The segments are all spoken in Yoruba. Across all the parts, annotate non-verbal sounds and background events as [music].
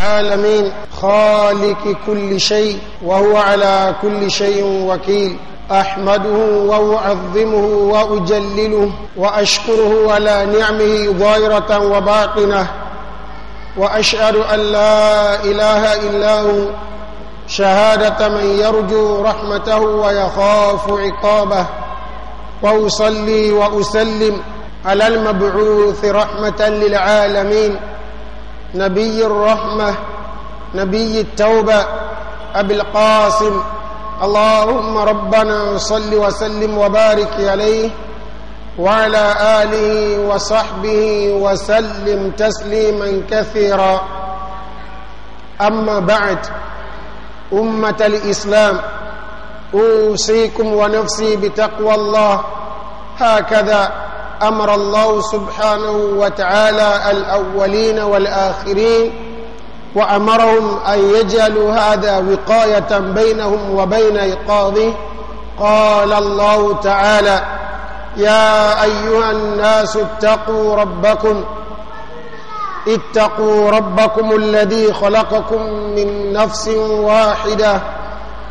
العالمين خالق كل شيء وهو على كل شيء وكيل أحمده وأعظمه وأجلله وأشكره على نعمه ظاهرة وباطنة وأشهد أن لا إله إلا هو شهادة من يرجو رحمته ويخاف عقابه وأصلي وأسلم على المبعوث رحمة للعالمين نبي الرحمة نبي التوبة أبي القاسم اللهم ربنا صل وسلم وبارك عليه وعلى آله وصحبه وسلم تسليما كثيرا أما بعد أمة الإسلام أوصيكم ونفسي بتقوى الله هكذا امر الله سبحانه وتعالى الاولين والاخرين وامرهم ان يجعلوا هذا وقايه بينهم وبين ايقاظه قال الله تعالى يا ايها الناس اتقوا ربكم اتقوا ربكم الذي خلقكم من نفس واحده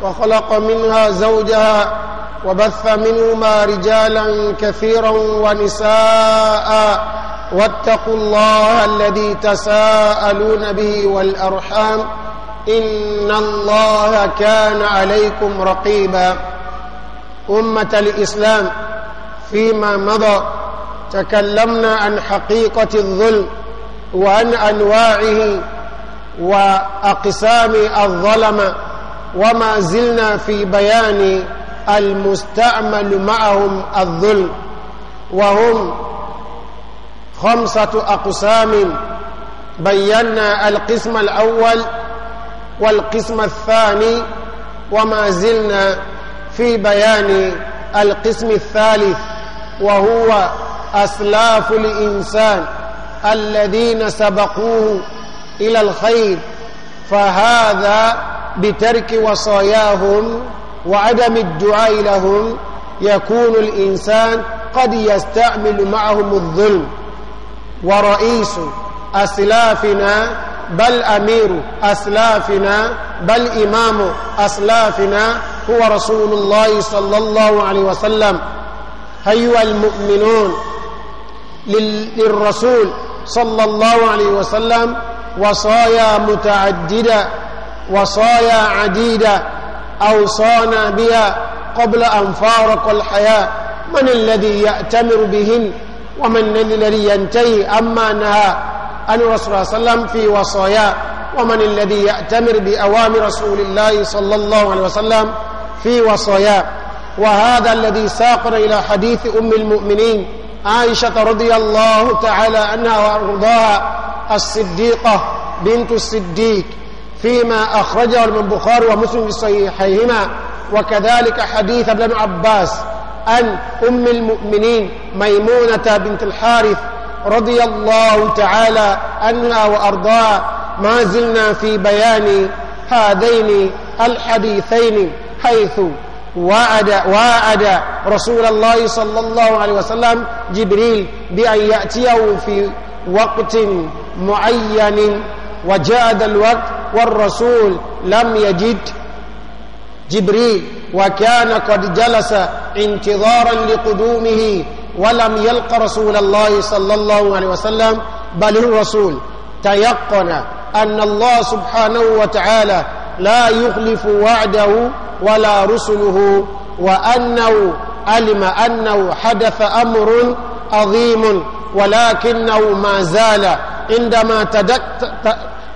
وخلق منها زوجها وبث منهما رجالا كثيرا ونساء واتقوا الله الذي تساءلون به والأرحام إن الله كان عليكم رقيبا أمة الإسلام فيما مضى تكلمنا عن حقيقة الظلم وعن أنواعه وأقسام الظلم وما زلنا في بيان المستعمل معهم الظلم وهم خمسة أقسام بينا القسم الأول والقسم الثاني وما زلنا في بيان القسم الثالث وهو أسلاف الإنسان الذين سبقوه إلى الخير فهذا بترك وصاياهم وعدم الدعاء لهم يكون الإنسان قد يستعمل معهم الظلم ورئيس أسلافنا بل أمير أسلافنا بل إمام أسلافنا هو رسول الله صلى الله عليه وسلم أيها المؤمنون للرسول صلى الله عليه وسلم وصايا متعددة وصايا عديدة أوصانا بها قبل أن فارق الحياة من الذي يأتمر بهن ومن الذي ينتهي أما نهى أن رسول الله صلى الله عليه وسلم في وصايا ومن الذي يأتمر بأوامر رسول الله صلى الله عليه وسلم في وصايا وهذا الذي ساقنا إلى حديث أم المؤمنين عائشة رضي الله تعالى عنها وأرضاها الصديقة بنت الصديق فيما أخرجه البخاري ومسلم في صحيحيهما وكذلك حديث ابن عباس عن أم المؤمنين ميمونة بنت الحارث رضي الله تعالى عنها وأرضاها ما زلنا في بيان هذين الحديثين حيث وعد وعد رسول الله صلى الله عليه وسلم جبريل بأن يأتيه في وقت معين وجاء الوقت والرسول لم يجد جبريل وكان قد جلس انتظارا لقدومه ولم يلق رسول الله صلى الله عليه وسلم بل الرسول تيقن أن الله سبحانه وتعالى لا يخلف وعده ولا رسله وأنه علم أنه حدث أمر عظيم ولكنه ما زال عندما تدك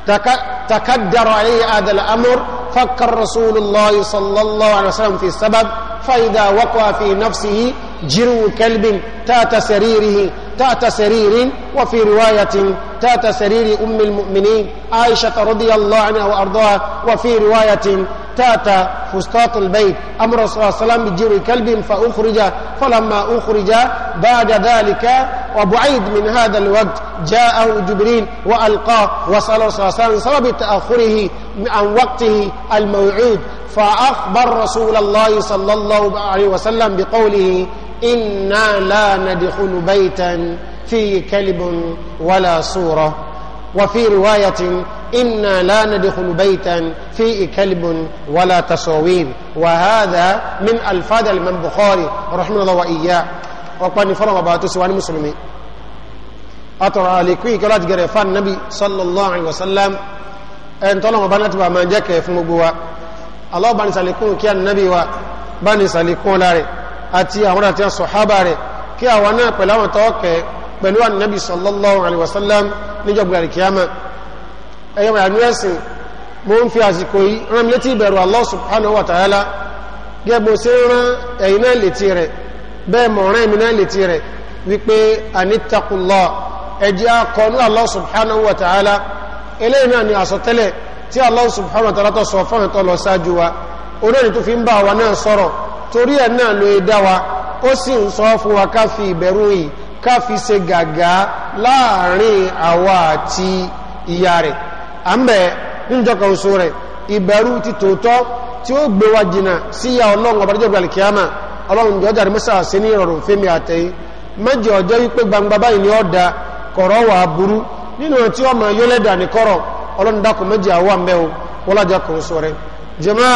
تك تكدر عليه هذا الأمر فكر رسول الله صلى الله عليه وسلم في السبب فإذا وقع في نفسه جرو كلب تات سريره تات سرير وفي رواية تات سرير أم المؤمنين عائشة رضي الله عنها وأرضاها وفي رواية تات فسطاط البيت أمر صلى الله عليه وسلم بجرو كلب فأخرج فلما أخرج بعد ذلك وبعيد من هذا الوقت جاءه جبريل وألقاه وصلى صلى الله عليه وسلم سبب تأخره عن وقته الموعود فأخبر رسول الله صلى الله عليه وسلم بقوله إنا لا ندخل بيتا فيه كلب ولا صورة وفي رواية إنا لا ندخل بيتا فيه كلب ولا تصوير وهذا من ألفاظ من بخاري رحمه الله وإياه ọ̀pá ní fọ́nà bàbá tó síwá ní mùsùlùmí àtọ̀rọ̀ àlékún ìkẹ́ láti gẹ̀rẹ̀ fán nábi sallallahu alaihi wasallam ẹn tọ́lọ̀ wọn bá náà ti bá máa jẹ́ kẹ́ fún gbogbo wa Allah bá ní sàlékún kí ànábì wa bá ní sàlékún láre àti àwọn àti sọ̀hábà rẹ̀ kí àwọn náà pẹ̀lú àwọn tọ́ọ̀kẹ́ pẹ̀lú ànábì sallallahu alaihi wasallam níjọba àríkíyàmà ẹ̀yọ́ ẹ̀sìn mo ń fi àsìkò yìí rán mi létí ìbẹ̀rù Allah subhanahu wa ta'ala gẹ́gbọ́n sí rán ẹ̀yìn náà létí rẹ̀ bẹ́ẹ̀ mọ̀rán èmi náà lè ti rẹ̀ wípé anittaqullah ẹjẹ́ akọ̀ọ́nù Allah subhanahu wa ta'ala eléyìí náà ni àsọtẹ́lẹ̀ tí Allah subhanahu wa ta'ala tó sọ fún ẹ̀tọ́ lọ ṣáájú wa onáni tó fi gàgá láàrin àwa àti ìyá rẹ̀ à ń bẹ̀ níjọka oṣù rẹ̀ ìbẹ̀rù ti tòótọ́ tí ó gbé wa jìnnà síyà ọlọ́run ọ̀bàdàjọ́ gbàlìkíámà ọlọ́run jọjá rí mọ́sá sí ní ìrọ̀rùn fẹ́mi àtẹ́yí mẹ́jẹ ọjọ́ wípé gbangba báyìí ni da kọ̀rọ̀ wà burú nínú tí wọ́n mọ̀ yóò lẹ́dà ní kọ́rọ̀ ọlọ́run dákun mẹ́jẹ àwọn mẹ́ o wọ́lájà kò sọ rẹ̀ jẹ́mọ́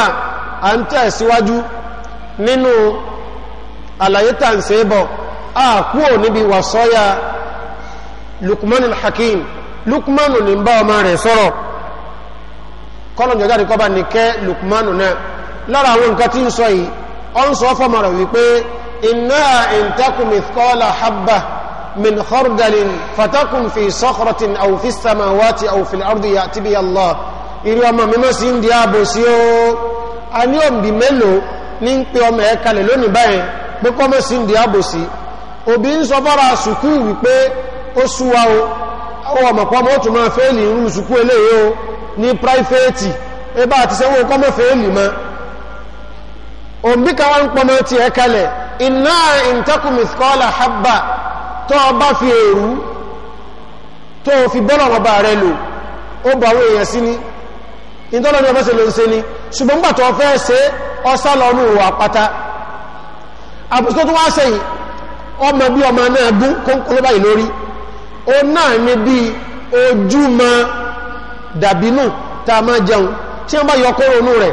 à ń tẹ̀ nínú àlàyé tà ń a kú ò níbi wàsọ́yà Lukman Hakim Lukman ní bá ọmọ rẹ̀ sọ̀rọ̀ kọ́lọ̀ jọjá rí kọ́ba nìkẹ́ Lukman náà lára àwọn nǹkan tí ń sọ yìí ọ́n sọ fọ́mọ̀ rẹ̀ wípé iná ìntakùnmìkọ́lá habba min khordalin fatakun fi sọ́kọ̀rọ̀tin àwòfí samawati àwòfin ardi ya ti bí allah irú ọmọ mímọ́ sí ń di ààbò sí ó a ní òbí mélòó ní ń pe ọmọ ẹ̀ kalẹ̀ lónìí báyìí pé kọ́ mọ́ sí ń di ààbò sí òbí ń sọ fọ́ra sùkú wípé ó súwa o àwọn ọmọ pọ́mọ́ ó tún máa fẹ́ẹ̀lì irú sùkú eléyìí o ní pírífẹ́ẹ̀tì ẹ bá àti sẹ́wọ́n kọ́ mọ́ fẹ́ẹ̀lì mọ́ òbí kan wá ń ti tiẹ̀ kalẹ̀ iná ìntẹ́kùmìsíkọ́lá haba tó o bá fi èrú tó o fi bọ́lọ̀ ọba rẹ lò ó bọ̀ àwọn èèyàn sí ni ìtọ́lọ́ ní ọfẹ́sẹ̀ ló ń ṣe ni ṣùgbọ́n gbà ọ o fẹ́ ṣe lọ ní òwò tó wá sẹ́yìn ọmọ bí ọmọ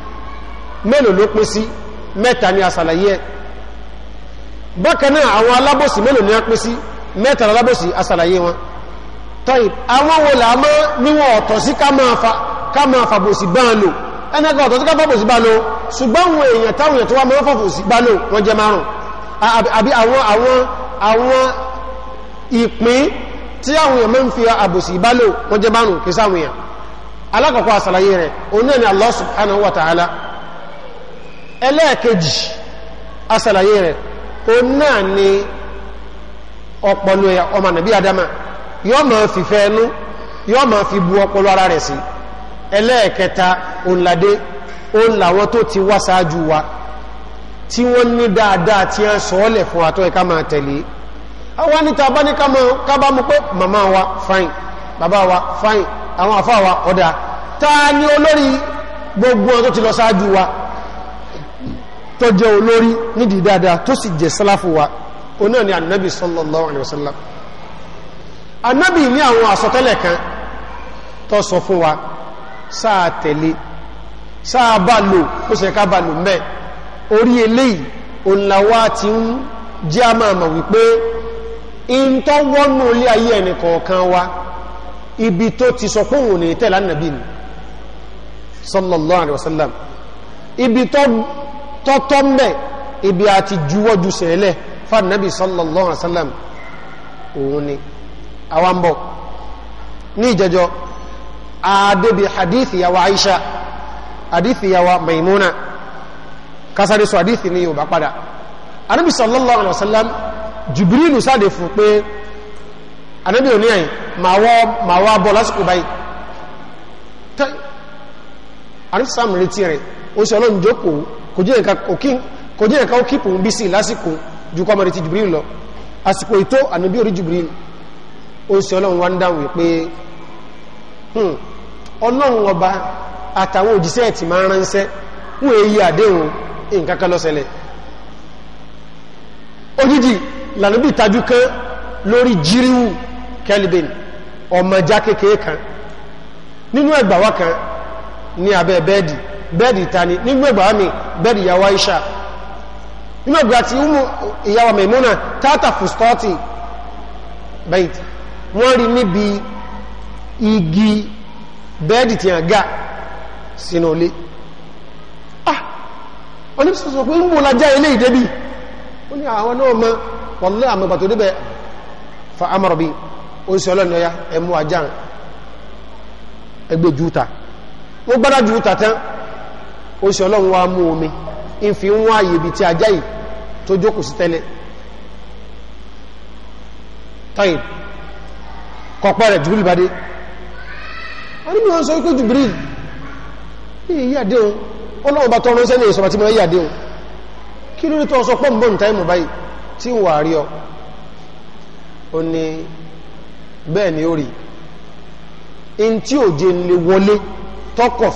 mélòó ló pín sí mẹ́ta ni àṣàlàyé ẹ̀ bákan náà àwọn alábòsí mélòó ni a pín sí mẹ́ta alábòsí àṣàlàyé wọn tọ́yì àwọn wo là máa níwọ̀n ọ̀tọ̀ sí ká máa fàbòsí bá lò ẹnẹ́gbẹ́ ọ̀tọ̀ sí ká fàbòsí bá lò ṣùgbọ́n àwọn èèyàn táwọn èèyàn tó wá máa fàbòsí bá lò wọ́n jẹ márùn àbí àwọn àwọn àwọn ìpín tí àwọn èèyàn máa ń fi àbòsí bá lò wọ́n jẹ márùn kì sáwọn èèyàn alákọ̀ọ́kọ́ àṣàlàyé rẹ̀ òun náà ni Allah subhanahu wa ta'ala ẹlẹ́ẹ̀kejì asàlàyé rẹ̀ o náà ni ọpọlọ ọmọ nàbí adama yọ́ ma fi fẹ́ ẹnu yọ́ ma fi bu ọpọlọ ara rẹ̀ sí ẹlẹ́ẹ̀kẹta òǹladé òun làwọn tó ti wá sáájú wa tí wọ́n ní dáadáa tí a sọ́ọ́lẹ̀ fún àtọ́ ẹ̀ká máa tẹ̀lé àwọn níta bá ní kábàmú pé màmá wa fine bàbá wa fine àwọn àfáà wa ọ̀dà ta ni olórí gbogbo ọ̀tọ́ ti lọ sáájú wa tó jẹ́ olórí nídìí dáadáa tó sì jẹ́ sálàfù wa ó náà ni annabi sallallahu alaihi wasallam annabi ní àwọn àsọtẹ́lẹ̀ kan tó sọ fún wa sáà tẹ̀lé sáà bá lò ó sì ká bá lò mẹ́ orí eléyìí òǹlàwà ti ń jẹ́ a máa mọ̀ wípé in tó wọ́nú ilé ayé ẹni kọ̀ọ̀kan wa ibi tó ti sọ pé òun ní tẹ̀lé annabi sallallahu alaihi wasallam ibi tó tọ́tọ́ mẹ́ ibi àti juwọ́jú sẹ́lẹ̀ fàánàbí sallallahu alaihi wasallam òun ni awambo ní ìjẹjọ́ àdébì hadith yawa aisha hadith yawa maimuna kásáré sọ hadith ní yóò bá padà anábì sallallahu alaihi wasallam jibrilu sáde fún pé anábì òní àyìn ma wá bọ́ lásìkò báyìí anábì sáàmù retí rẹ̀ ó sì ọlọ́run jókòó kò jẹ́ nǹkan ó kípù ń bí sí lásìkò ju kọ́ mọ̀rẹ̀ ti Jibril lọ àsìkò ìtó ànábí orí Jibril ó ń ṣe ọlọ́run wá ń dáhùn pé hmm, ọlọ́run ọba àtàwọn òjíṣẹ́ ẹ̀tì máa ránṣẹ́ wọ́n èyí àdéhùn nǹkan kan ló lànàbí ìtajú kan lórí jíríwù kelvin ọmọ já kékeré kan nínú ẹgbàwá kan ní abẹ́ bẹ́ẹ̀dì bẹ́ẹ̀dì tani nígbẹ̀gbà mi bẹ́ẹ̀dì yàwó Aisha nígbẹ̀gbà tí ìyàwó Maimuna tata fustati bait wọ́n rí níbi igi bẹ́ẹ̀dì tí a ga sínú ilé ah oníṣẹ́sọ̀ pé ń bò lájá ilé ìdébì ó ní àwọn náà mọ́ wọ́n àmọ́ ìgbà tó débẹ̀ fa amọ̀rọ̀bí ó sì ọlọ́nà ya ẹmú ajá ẹgbẹ́ júta wọ́n gbádá júta tán ó sì ọlọ́run wá mú omi ń fi wọ́n àyè ibi tí ajá yìí tó jókòó sí tẹ́lẹ̀ tọ́yìn kọ̀pọ̀ rẹ̀ jùbìlì bá dé wọ́n ní wọ́n sọ wípé jùbìlì ní ìyàdé ohun ọlọ́run bá tọrọ sẹ́lẹ̀ ìsọ̀rọ̀ tọ́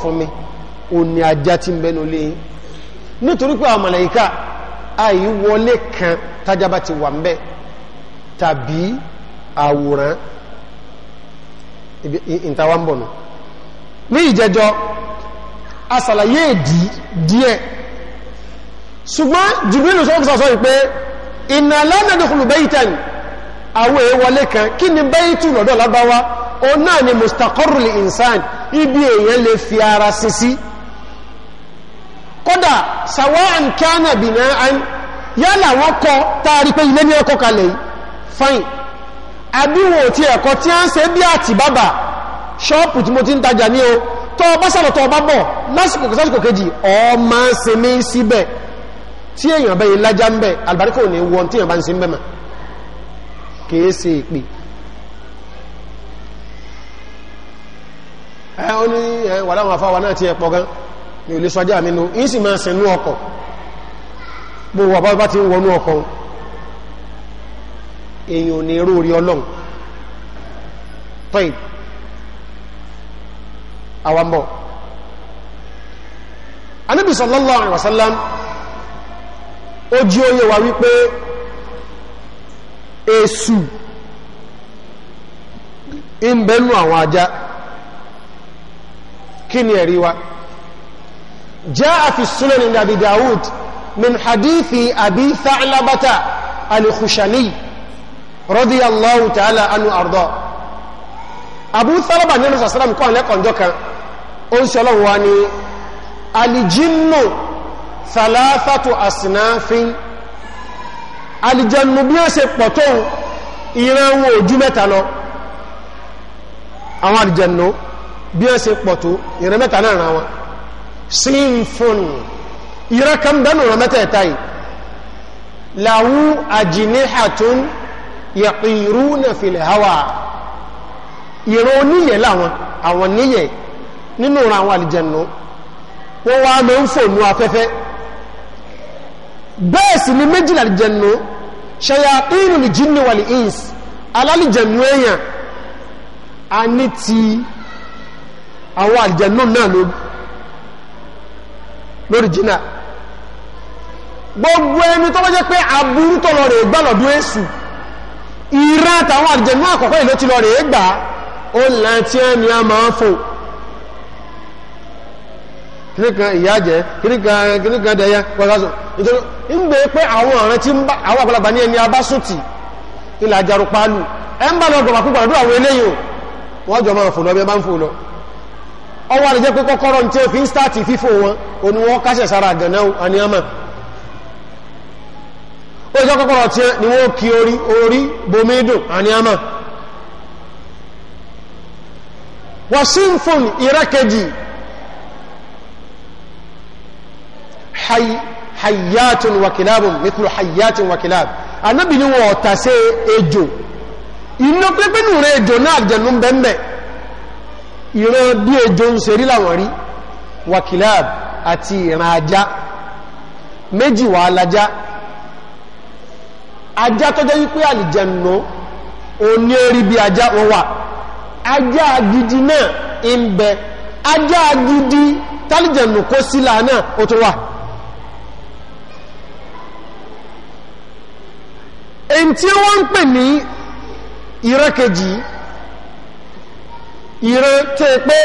sọ òní ajá tí ń bẹnu lé yín nítorí pé àwọn màláíkà àyí wọlé kan tájábá ti wà ń bẹ tàbí àwòrán ìtawà ń bọ̀ nù ní ìjẹjọ́ asàlàyé ìdí díẹ̀ ṣùgbọ́n jùbílù sọ́kùsọ́sọ́ ìpé ìnà lánàdùkùlù bẹ́ìtàn àwọn èèwọlé kan kí ni bẹ́ìtù lọ́dọ̀ lábáwá o náà ni mustaqarrul insan ibi èèyàn lè fi ara sí si kódà sàwáàn kánà bìnà án yálà wọ́n kọ táàrí pé ilé ní ẹkọ́ kalẹ̀ fine àbíwò tí ẹ̀kọ́ tí a ń ṣe bí àti bàbà ṣọ́ọ̀pù tí mo ti ń tajà ní o tọ́ ọba sọ̀rọ̀ tọ́ ọba bọ̀ lásìkò sásìkò kejì ọmọ ń se mí síbẹ̀ tí èèyàn bẹ́yìn lájá ń bẹ̀ àlùbáríkà ò ní wọ́n tí èèyàn bá ń se ń mà kìí ṣe ìpè ẹ ó ní ẹ wà láwọn afáwa náà ti ẹ pọ̀ gan ní olè sọjá mi nù yìí sì máa sẹ̀nú ọkọ̀ gbogbo àbá bá ti ń wọnú ọkọ̀ èèyàn ní irú orí ọlọ́run tọ́yì àwàmbọ̀ anábì sallallahu alaihi wasallam ó jí ó yé wa wípé èsù ń àwọn ajá kí ni ẹ̀rí wa جاء في السنن أبي داود من حديث أبي ثعلبة الخشني رضي الله تعالى عنه أرضاه أبو ثعلبة النبي صلى الله عليه وسلم كان لك عندك أنسى الله واني الجن ثلاثة أصناف الجن بيسي بطو ìran wo ojú mẹ́ta lọ àwọn àlìjẹ̀nù bí wọ́n ṣe sinfun ìran kan bẹ́nu ọ̀rọ̀ mẹ́tẹ̀ẹ̀ta yìí lahu ajnihatun yaqiruna fil hawa ìran oníyẹ̀ láwọn àwọn níyẹ̀ nínú ọ̀rọ̀ àwọn àlìjẹ̀nù wọ́n wá mẹ́ ń fònú afẹ́fẹ́ bẹ́ẹ̀ sì ni méjìlá àlìjẹ̀nù ṣayatínù lè jinni wal ins alálìjẹ̀nù èèyàn a ní ti àwọn àlìjẹ̀nù náà lóbi lóríjínà gbogbo ẹni tó jẹ́ pé aburú tó lọ rẹ̀ gbà lọ́dún èṣù ìrà àtàwọn àjẹ̀nú àkọ́kọ́ ìlú ti lọ rẹ̀ gbà ó láti ẹni a máa fò kíríkan ìyájẹ́ kíríkan dẹ̀yẹ pọ̀lásọ̀ nítorí ń gbé pé àwọn ọ̀rẹ́ tí àwọn àgbàlagbà ní ẹni abásùtì ilẹ̀ àjàrùpálù ẹ ń bá lọ gbọ̀gbà lọ́dún àwọn eléyìí wọ́n jọ máa fò lọ bí ọwọ́ àlejẹ́ pé kọ́kọ́rọ́ tí ó fi ń stáàtì fífò wọn òní wọ́n kásẹ̀ sára gànà àníyàmà ó jẹ́ kọ́kọ́rọ́ tí ni wọ́n kí orí orí bomidun àníyàmà wọ́n sínfún ìrẹ́kẹjì hayyatun wakilabun mitlu hayyatun wakilab anábì ni wọ́n ọ̀tà sí ejò inú pẹ́pẹ́nù rẹ̀ ejò náà jẹ̀nu ìran bí ejò ń serí làwọn rí wakilab àti ìran ajá méjì wà alájá ajá tó jẹ́ wípé àlìjẹ̀nà òní orí bí ajá wọn wà ajá agidi náà ń bẹ ajá agidi tálìjẹ̀nà kó sílà náà ó tó wà èyí tí wọ́n ń pè ní ìrẹ́kejì ìran tó yẹ pé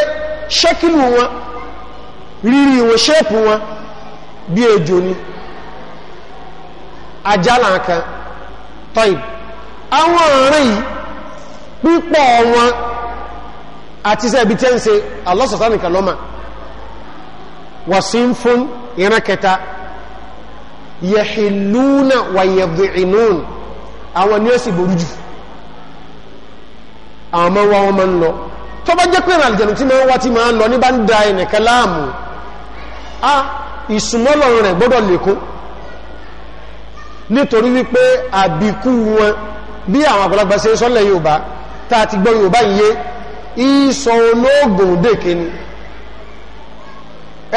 ṣẹ́kìlù wọn rírí wọn ṣẹ́ẹ̀pù wọn bí ejò ni ajálà kan tọ́yì àwọn ọ̀rìn yìí pípọ̀ wọn àti sẹ́ẹ̀bí tẹ́ ń ṣe alọ́sọ̀tánìkà lọ́mà wàsín fún ìran kẹta yẹ̀hìlúnà wàyẹ̀dìínún àwọn ni ó sì borújù àwọn ọmọ wọn máa ń lọ tó bá jẹ́ pé ìrìn àlìjẹ̀nù tí máa ń wá tí máa ń lọ ní bá ń da ẹnìkan láàmú a ìsúnmọ́lọ̀ rẹ̀ gbọ́dọ̀ lékún nítorí wípé àbíkú wọn bí àwọn àgbàlagbà ṣe sọ́lẹ̀ Yorùbá tá a ti gbọ́ Yorùbá yìí yé ìsọ olóògùn dèké ni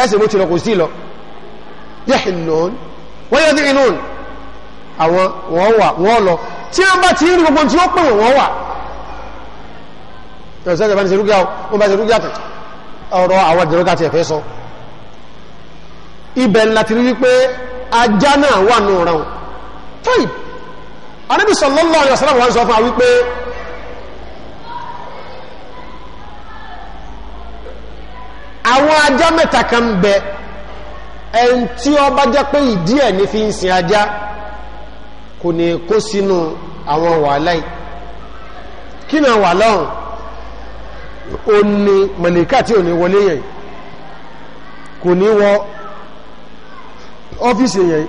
ẹsẹ̀ bó ti lọ kò sí lọ yahillun wa yad'inun àwọn wọ́n wà wọ́n tẹ̀sẹ̀ tẹ̀bá ní ṣe rúkíà wọ́n bá ṣe rúkíà tẹ̀ ọ̀rọ̀ àwọn ìdẹ̀rọ́gá ti ẹ̀fẹ́ sọ ibẹ̀ láti rí wípé ajá náà wà ní ọ̀ràn tọ́ì anábì sallallahu alaihi wasallam wọ́n sọ fún wa wípé àwọn ajá mẹ́ta kan bẹ ẹn tí kí ni wàhálà ọ̀hún ó ní mọ̀lẹ́kà tí ò ní wọlé yẹn kò ní wọ ọ́fíìsì yẹn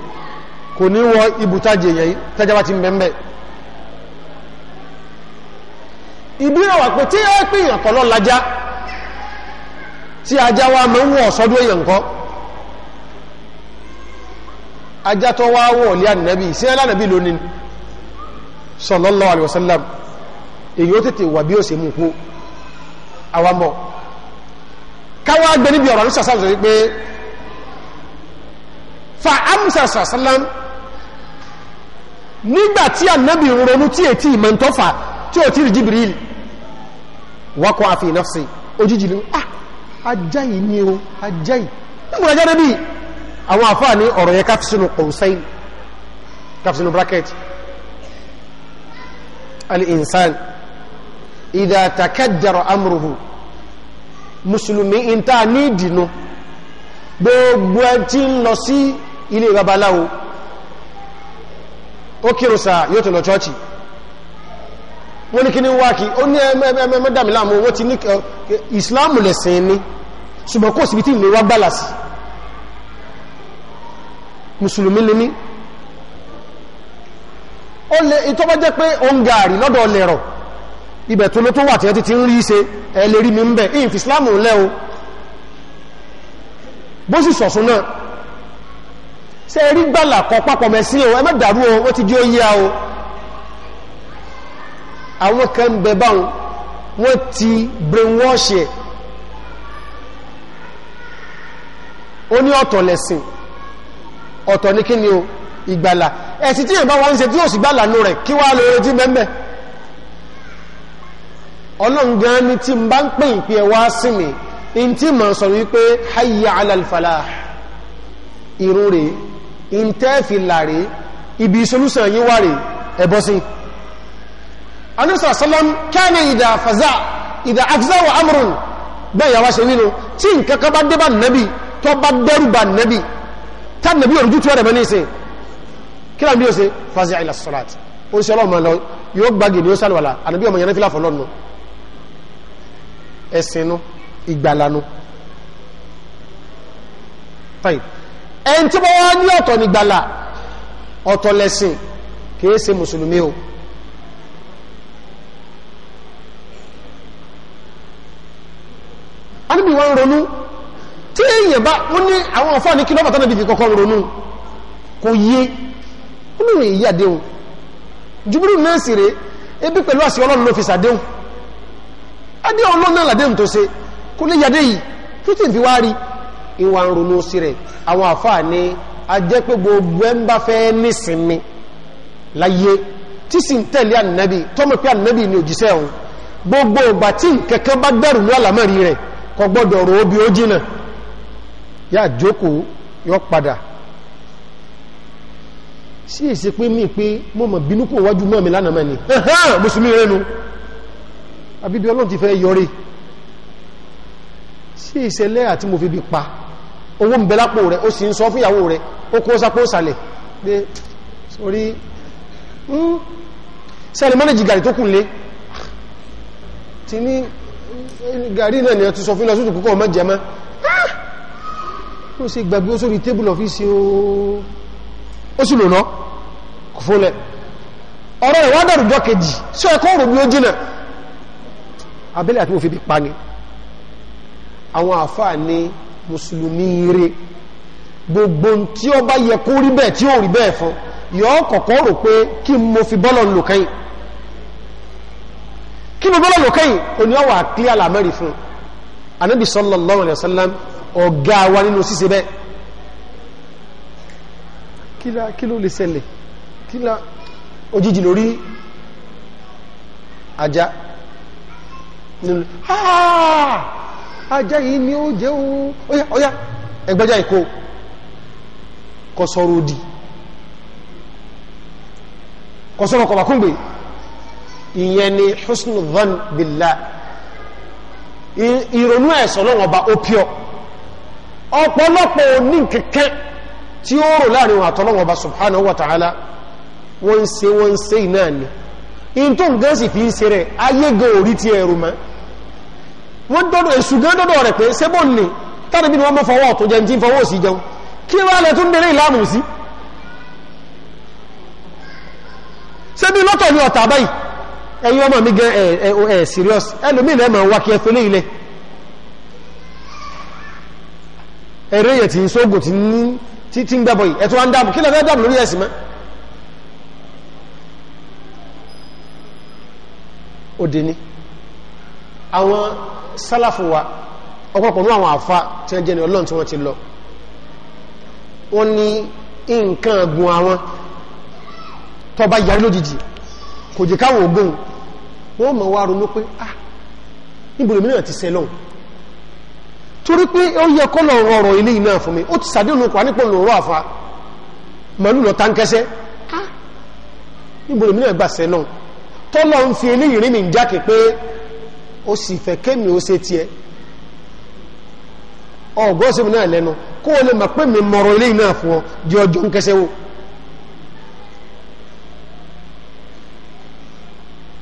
kò ní wọ ibùtajì yẹn tẹ́jábá ti mẹ́mẹ́ ìbíràn wà pé tí ó pè èèyàn kọ́ lọ́lajá tí ajá wa mọ̀ ń sọ́dún èèyàn kọ́ ajá tó wá wọ̀ lé ànàbì sí ẹlànàbì lónìí sallallahu alaihi wasallam èyí ó tètè wà bí ó ṣe mú kó àwọn bọ̀ káwá gbé níbi ọ̀rọ̀ nísà sáà sọ wípé fa amsa sàsálám nígbà tí ànábì ronú tí ètí ìmọ̀ntọ́fà tí ò tí rí Jibril wọ́kọ̀ àfi nafsi ojíjì ní ah ajá o ajá nígbà ajá níbi àwọn àfáà ní ọ̀rọ̀ yẹn káfíṣínú kọ̀ọ̀sẹ́yìn káfíṣínú bracket al-insan ìdá takẹ́jẹrọ amúrùhù mùsùlùmí ìta ní ìdìnú gbogbo ẹ tí ń lọ sí ilé babaláwo ó kírun sáà yóò tó lọ chọ́ọ̀chì wọ́n ní kí ní wá kí ó ní ẹmẹ́mẹ́dàmìláàmù wọ́n ti ní ìsìláàmù lẹ̀sìn ní ṣùgbọ́n kò síbi tí jẹ́ pé ó ń gààrí lọ́dọ̀ ọlẹ́rọ̀ ibẹ̀ tó ló tó wà tí ti ti ń rí ṣe ẹ lè rí mi ń bẹ̀ ìyìn fi islam lẹ́ o bó sì sọ̀sún náà ṣe rí gbàlà kọ papọ̀ mẹ́sí o ẹ má dàrú o ó ti jí ó yá o àwọn kan bẹ báwọn wọ́n ti brainwash ẹ̀ ó ní ọ̀tọ̀ lẹ̀sìn ọ̀tọ̀ ní kí ni o ìgbàlà ẹ̀sìn tí èèyàn bá wọ́n ń ṣe tí yóò sì gbàlà nù rẹ̀ kí wàá lóore tí bẹ́ẹ̀ ọlọ́ngan ni tí n bá ń pè ìpè wá sí mi in tí mọ̀ sọ wípé hayya alalfala irun rẹ̀ in tẹ́ẹ̀fìlà rẹ̀ ibi solúsàn yí wà rẹ̀ ẹ̀bọ́ sí anúsà sọlọ́m kana ìdà fàzà ìdà àkísà wà bẹ́ẹ̀ yà wá ṣe nínú tí nǹkan kan bá dé bá nàbì tó bá dẹ́rù bá nàbì tá nàbì òrùjú tí wọ́n rẹ̀ mọ́ ní ìsìn kí ẹ̀sìnú ìgbàlanu ẹni tí wọ́n wá ní ọ̀tọ̀ nígbàlà ọ̀tọ̀ lẹ́sìn kìí ṣe mùsùlùmí o anábì wọn ronú tí èèyàn bá wọ́n ní àwọn ọ̀fọ́ ní kí lọ́pàá tánàbí fi kọ́kọ́ ronú kò yé nínú èyí àdéhùn jùbúrú náà sì rèé ebi pẹ̀lú àṣì ló fi sàdéhùn adé ọlọ́nà àlàdéhùn tó ṣe kó lè yàdé yìí títí fi wá rí ìwà ń ronú sí rẹ̀ àwọn àfáà ní ajẹ́ pé gbogbo ẹ̀ ń bá fẹ́ nísinmi láyé tí sì ń tẹ̀lé ànábì tọ́mọ̀ pé ànábì ni òjíṣẹ́ òun gbogbo ìgbà tí nkankan bá dẹ̀rù ní àlámọ̀rí rẹ̀ kò gbọ́dọ̀ rò ó ó jìnà yá jókòó yọ padà sí èsì pé mí pé mo mọ̀ bínú kò wájú mọ́ mi lánàá mọ́ ni mùsùlùmí rẹ̀ nu àbíbí ọlọ́run ti fẹ́ yọrí sí ìṣẹ̀lẹ̀ àti mo fi bí pa owó ń bẹ lápò rẹ̀ ó sì ń sọ fúnyàwó rẹ̀ ó kó sápó sàlẹ̀ pé sórí sẹ́lẹ̀ hmm, mọ́nìjì gàrí tó kùn lé ti ní gàrí náà ni ọ ti sọ fún ìlọsútù púpọ̀ mọ́ jẹmọ́ ah! ó sì gbàgbé ó sórí tébùlù ọ́fíìsì ó sì lò náà kò fólẹ̀ ọ̀rọ̀ ìwádọ̀rùjọ́ kejì sí ẹ̀kọ́ òròbí ó jìnà abẹ́lẹ̀ àti òfin pa ni àwọn àfáà ní mùsùlùmí rẹ̀ gbogbo tí ó bá yẹ kó rí bẹ́ẹ̀ tí ó rí bẹ́ẹ̀ fún yọ́ kọ̀kọ́ rò pé kí mo fi bọ́lọ̀ lò kẹ́yìn kí mo bọ́lọ̀ lò kẹ́yìn o ní ọwà kí àlàmẹ́rì fún anábì sallallahu alaihi wasallam ọ̀gá wa nínú ṣíṣe bẹ́ẹ̀ kí ló lè ṣẹlẹ̀ kí ló òjijì lórí ajá nínú ah! ajá yìí ni ó jẹ́ ohun ọya ọya ẹgbẹ́já ìkó kọ sọ̀rọ̀ òdì kọ sọ̀rọ̀ kọ̀bàkúngbè ìyẹn ni husnu dhan billah ìrònú ẹ̀sọ̀ lọ́wọ́ ọba opio ọ̀pọ̀lọpọ̀ ní kẹ̀kẹ́ tí ó rò láàrin àtọ́lọ́wọ́ ọba subhanahu wa ta'ala wọ́n ń ṣe wọ́n ń ṣe ni in tó ń gánsì fi ń ṣe rẹ̀ ayé gan orí ti ẹ̀rù mọ́ wọ́n dọ́dọ̀ èṣù gan dọ́dọ̀ rẹ̀ pé ṣé bó ní tàbí bí wọ́n mọ́ fọwọ́ tó jẹ́ ti fọwọ́ sí jẹun kí wá lẹ tún délé ìlànà sí ṣé bí lọ́tọ̀ ni ọ̀tà báyìí ẹ̀yin ọmọ mi gan ẹ̀ serious ẹlòmíì lẹ́mọ̀ wá kí ẹ fẹ́lẹ́ ilẹ̀ ẹ̀rẹ́yẹ̀ tí ń sóògùn tí ń gbẹ́bọ̀ yìí ẹ̀tún wá ń dáàbò kí lẹ́fẹ́ dáàbò lórí ẹ̀sìn mọ́ òde ní àwọn sálàfù wa ọ̀pọ̀pọ̀ ní àwọn àfa tí wọ́n jẹ́ ní ọlọ́run tí wọ́n ti lọ wọ́n ní nǹkan gun àwọn tó bá yarí lójijì kò jẹ́ káwọn ògùn wọ́n mọ̀ wá ronú pé ah níbo lèmi náà ti sẹ́ lọ́hùn torí pé ó yẹ kọ́ lọ rọrọ̀ ilé iná fún mi ó ti sàdéhùn kọ́ nípa lòrọ̀ àfa màálù lọ táńkẹ́sẹ́ ah níbo lèmi náà gbà sẹ́ lọ́hùn tó lọ ń fi eléyìí rí mi ń jákè pé ó sì fẹ́ kémi ó ṣe tiẹ̀ ọ̀gbọ́n sí mi náà lẹ́nu kó o lè mọ̀ pé mi mọ̀rọ̀ eléyìí náà fún ọ di ọjọ́ ń kẹsẹ́ wo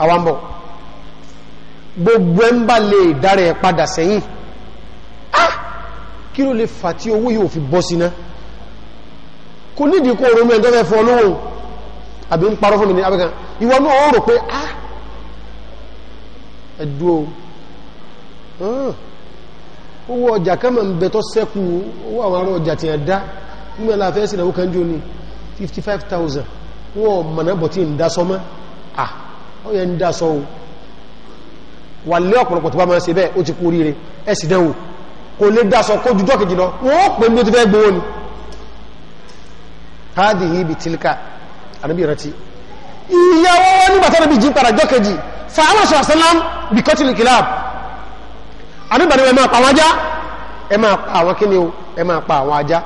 àwọn gbogbo ẹ̀ ń bá lè dára ẹ̀ padà sẹ́yìn ah kí ló lè fà tí owó yóò fi bọ́ sí náà kò nídìí kó o ronú ẹ̀ tó fẹ́ fọ́ lóhùn àbí ń parọ́ fún mi ní abẹ́kan ìwọ ní a pé á ẹ̀dù o owó ọjà kẹ́mọ̀ ń bẹ sẹ́kù owó àwọn ará ọjà tí a dá nígbà láà fẹ́ sínàwó kan jò ní 55,000 wọ́n mọ̀nàbọ̀ tí ń dasọ mọ́ à ó yẹ ń dasọ o wà lé ti kò lè kó jùjọ́ wọ́n ni ibi ànábì rántí ìyàwó wọn nígbà tó níbi jípa àjọ kejì fàáwà sọ àṣẹlám bí kọ́tìlì kìláàb ànábì ni ẹ máa pa àwọn ajá ẹ máa pa àwọn kíni o ẹ máa pa àwọn ajá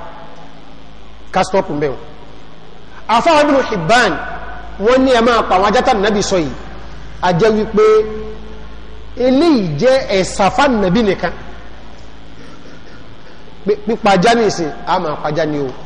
kásítọ́pù ń bẹ̀ o àfáwọn ibùdó Hibban wọ́n ní ẹ máa pa àwọn ajá tàbí nàbì sọ yìí ajẹ́ wípé eléyìí jẹ́ ẹ̀sàfà nàbì nìkan pípa ajá ní ìsìn a máa pa ajá o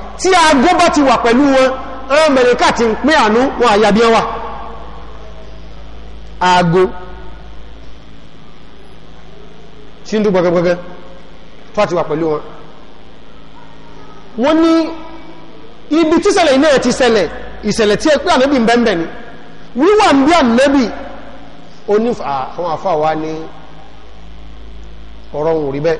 tí aago bá ti wà pẹ̀lú wọn amẹ́ríkà ti ń pín àánú wọn àyàbí wa aago tí ń dún gbọgbọgbọgbọ tó àti wà pẹ̀lú wọn wọ́n ní ibi tí ṣẹlẹ̀ iná ti ṣẹlẹ̀ ìṣẹ̀lẹ̀ tí ẹ pé ń bẹ́ẹ̀ ni wíwà ń bí ànábì onífà ah, àwọn àfà wa ní ọ̀rọ̀ òun rí bẹ́ẹ̀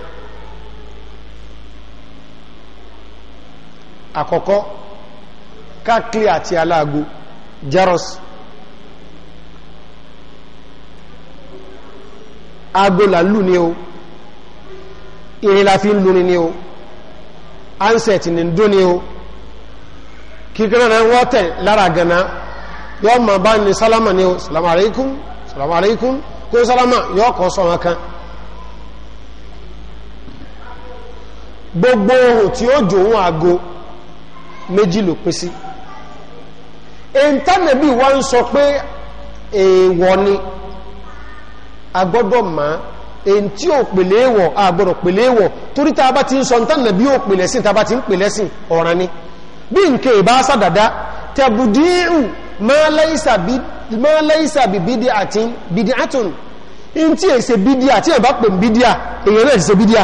àkọ́kọ́ káàkiri àti aláàgó jaros agbóla lù ní o irin la fi ń lù ní o ansẹ̀tì ní dún ní o kíkẹ́rẹ́ náà wọ́n tẹ̀ lára gana yọ́ ma bá ní sálámà ní o salamu alaikum salamu alaikum kó sálámà yọ́ kọ́ sọ́wọ́n kan gbogbo ohun tí ó jò ń àgó méjì ló pín sí ìntánẹ̀bí wa ń sọ pé èèwọ̀ ni a gbọ́dọ̀ máa èyí tí ó pèlè èèwọ̀ àgbọ̀dọ̀ pèlè èèwọ̀ torí ta bá ti ń sọ ìntánẹ̀bí ó pèlè sí ta bá ti ń pèlè sí ọ̀ràn ni bí nke ìbá sàdàdá tẹ̀bùdíhù máa láìsà bí bídí àti bídí àtùn in tí èsè bídíà tí ẹ̀bá pè bídíà èèyàn náà ti ṣe bídíà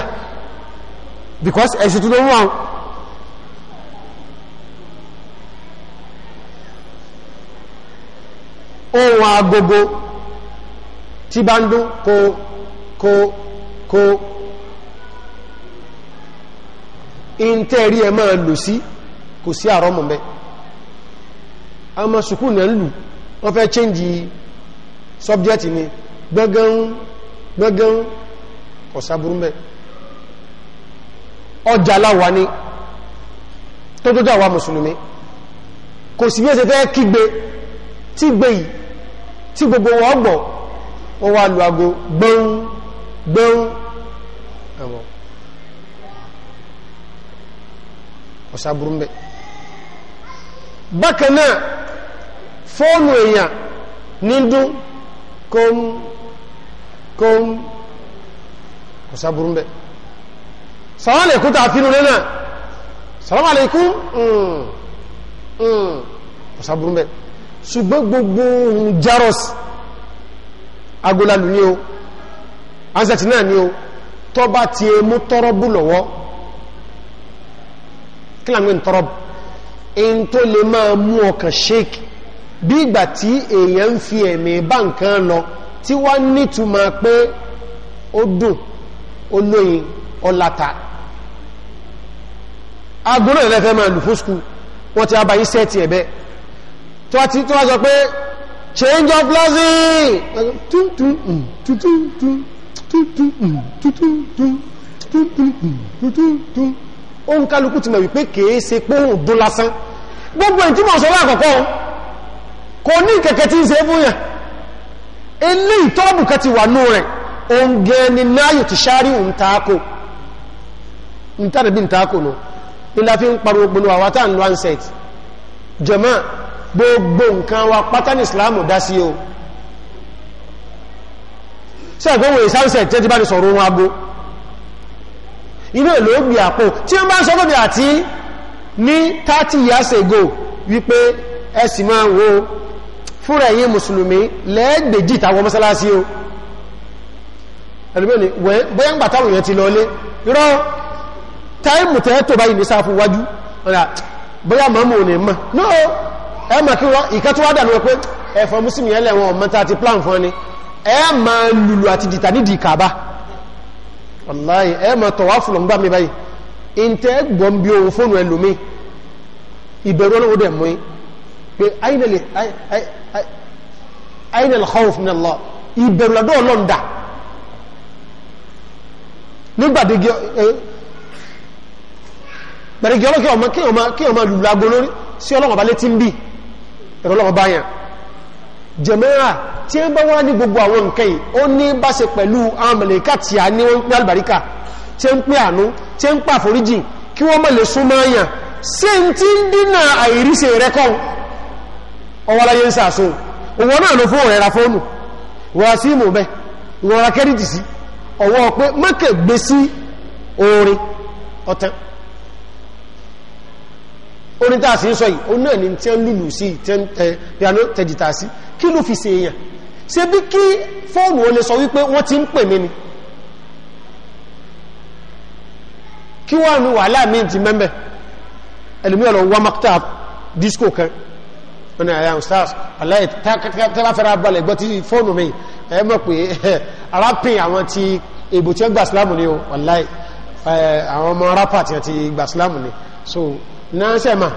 because ẹ̀sìn tó lọ́wọ́ àwọn ohun agogo tí bá ń dún kó kó kó ìntẹ́rí ẹ máa lò sí kò sí àrọ́mọ̀ mẹ́ àmọ́ sùkú náà ń lù wọ́n fẹ́ change subject ni gbọ́gán gbọ́gán ọ̀sàbúrú mẹ́ ọjà láwà ní tó tó dáwà mùsùlùmí kò sí bí ó ṣe kígbe tí gbé yìí tí gbogbo wọn gbọ́ wọ́n wá lu aago gbọ́n gbọ́n ẹ̀wọ̀n ọ̀sá burú mbẹ́ bákan náà fóònù èèyàn ní dún kóm kóm ọ̀sá burú mbẹ́ sàwọn lè kú tààfinu lẹ́nà sàwọn ọ̀sá mm, mm. burú mbẹ́ ṣùgbọ́n gbogbo ohun jaros agolalu ni o ansẹ̀tì náà ni o tọ́ bá ti mú tọ́rọ́bù lọ́wọ́ kí làmì ń tọ́rọ́bù in tó lè máa mú ọkàn ṣéèkì bí ìgbà tí èèyàn ń fi ẹ̀mí bá nǹkan lọ tí wá nítumọ̀ pé ó dùn olóyin ọláta agbóná ìlẹ́fẹ́ máa lù fún skul wọ́n ti abáyí sẹ́ẹ̀tì ẹ̀bẹ́ tó ti tó sọ pé change of blessing ohun mm, mm, mm, kálukú ti mọ̀ wípé kìí ṣe pé òun dún lásán gbogbo ẹ̀ tí mọ̀ sọ́wọ́ àkọ́kọ́ kò ní kẹ̀kẹ́ tí ń ṣe fún yàn ilé ìtọ́bù kẹ ti wà ní rẹ̀ òun gẹni náyò ti ṣáárí òun taako ìtàdàbí ìtaako nù ilá fi ń pariwo gbogbo àwátà ń lọ ansẹ̀tì jẹ́mọ́ gbogbo nǹkan wa pátánì islamu dá sí o sí àgbẹ̀wò ìsáwùsẹ̀ tẹ́ ti bá ní sọ̀rọ̀ ohun agbó inú èlò ó gbì àpò tí wọ́n bá ń sọ́gbọ́dì àti ní 30 years ago wípé ẹ̀sì máa wo fúnra ẹ̀yin mùsùlùmí lẹ́ẹ̀gbèjì ìtàwọn mọ́sálásí o ẹ̀lùmí bóyá ń gbàtàwọn èèyàn ti lọlé rọ́ táìmù tẹ́ẹ̀tọ̀ báyìí ní sáfù wájú ẹ mọ̀ kí ìkẹ́ tó wá dà lóye pé ẹ̀fọ́ mùsùlùmí ẹlẹ́ ọmọ tá plan fún ẹni ẹ máa lùlù àti dìtà nídìí kàbá wàláyé ẹ máa tọ̀wá fúlọ̀ ńgbà mi báyìí ìntẹ́ gbọ́n bí ohun fóònù ẹlòmí ìbẹ̀rù ọlọ́wọ́ dẹ̀ mú i pé ainal khawf Allah ìbẹ̀rù lọ́dọ̀ ọlọ́ndà nígbàdégé pẹ̀lú gẹ́ọ́lọ́ kí ọmọ lùlù agolórí sí ọlọ́wọ́ bá létí ń bíi ìrọlọ́wọ́ báyàn jẹ̀mẹ́ra tí ń bá wá ní gbogbo àwọn nǹkan yìí ó ní bá ṣe pẹ̀lú àwọn mẹ̀lẹ́kà tí a ní wọ́n ń pẹ́ àlùbáríkà tí ń pẹ́ àánú tí ń pẹ́ àforíjì kí wọ́n mọ̀ lè súnmọ́ yàn sí ń tí ń dínà àìríṣe rẹ kọ́ ọwọ́ aláyé ń sàṣọ òwò náà ló fún ọ̀rẹ́ ra fóònù wọ́n sí mò bẹ́ ìwọ̀n ra kẹ́rìtì sí orin tàà sí ń sọ yìí o náà ni tí ń lùlù sí piano tẹ̀jìtà sí kí ló fi ṣe èèyàn ṣe bí kí fóònù o lè sọ wípé wọ́n ti ń pè mí ni kí wọ́n ní wàhálà mi ti mẹ́mẹ́ ẹlùmí ọ̀lọ́ wọ́n mọ́kítà disco kan wọ́n àyà ń stars aláì tẹ́láfẹ́ra balẹ̀ gbọ́ ti fóònù mi ẹ mọ̀ pé [laughs] arápìn àwọn ti èbò tí wọ́n gbà sílámù ni o wàláì àwọn ọmọ rápà ti gbà sílámù ni so náà sẹ́mà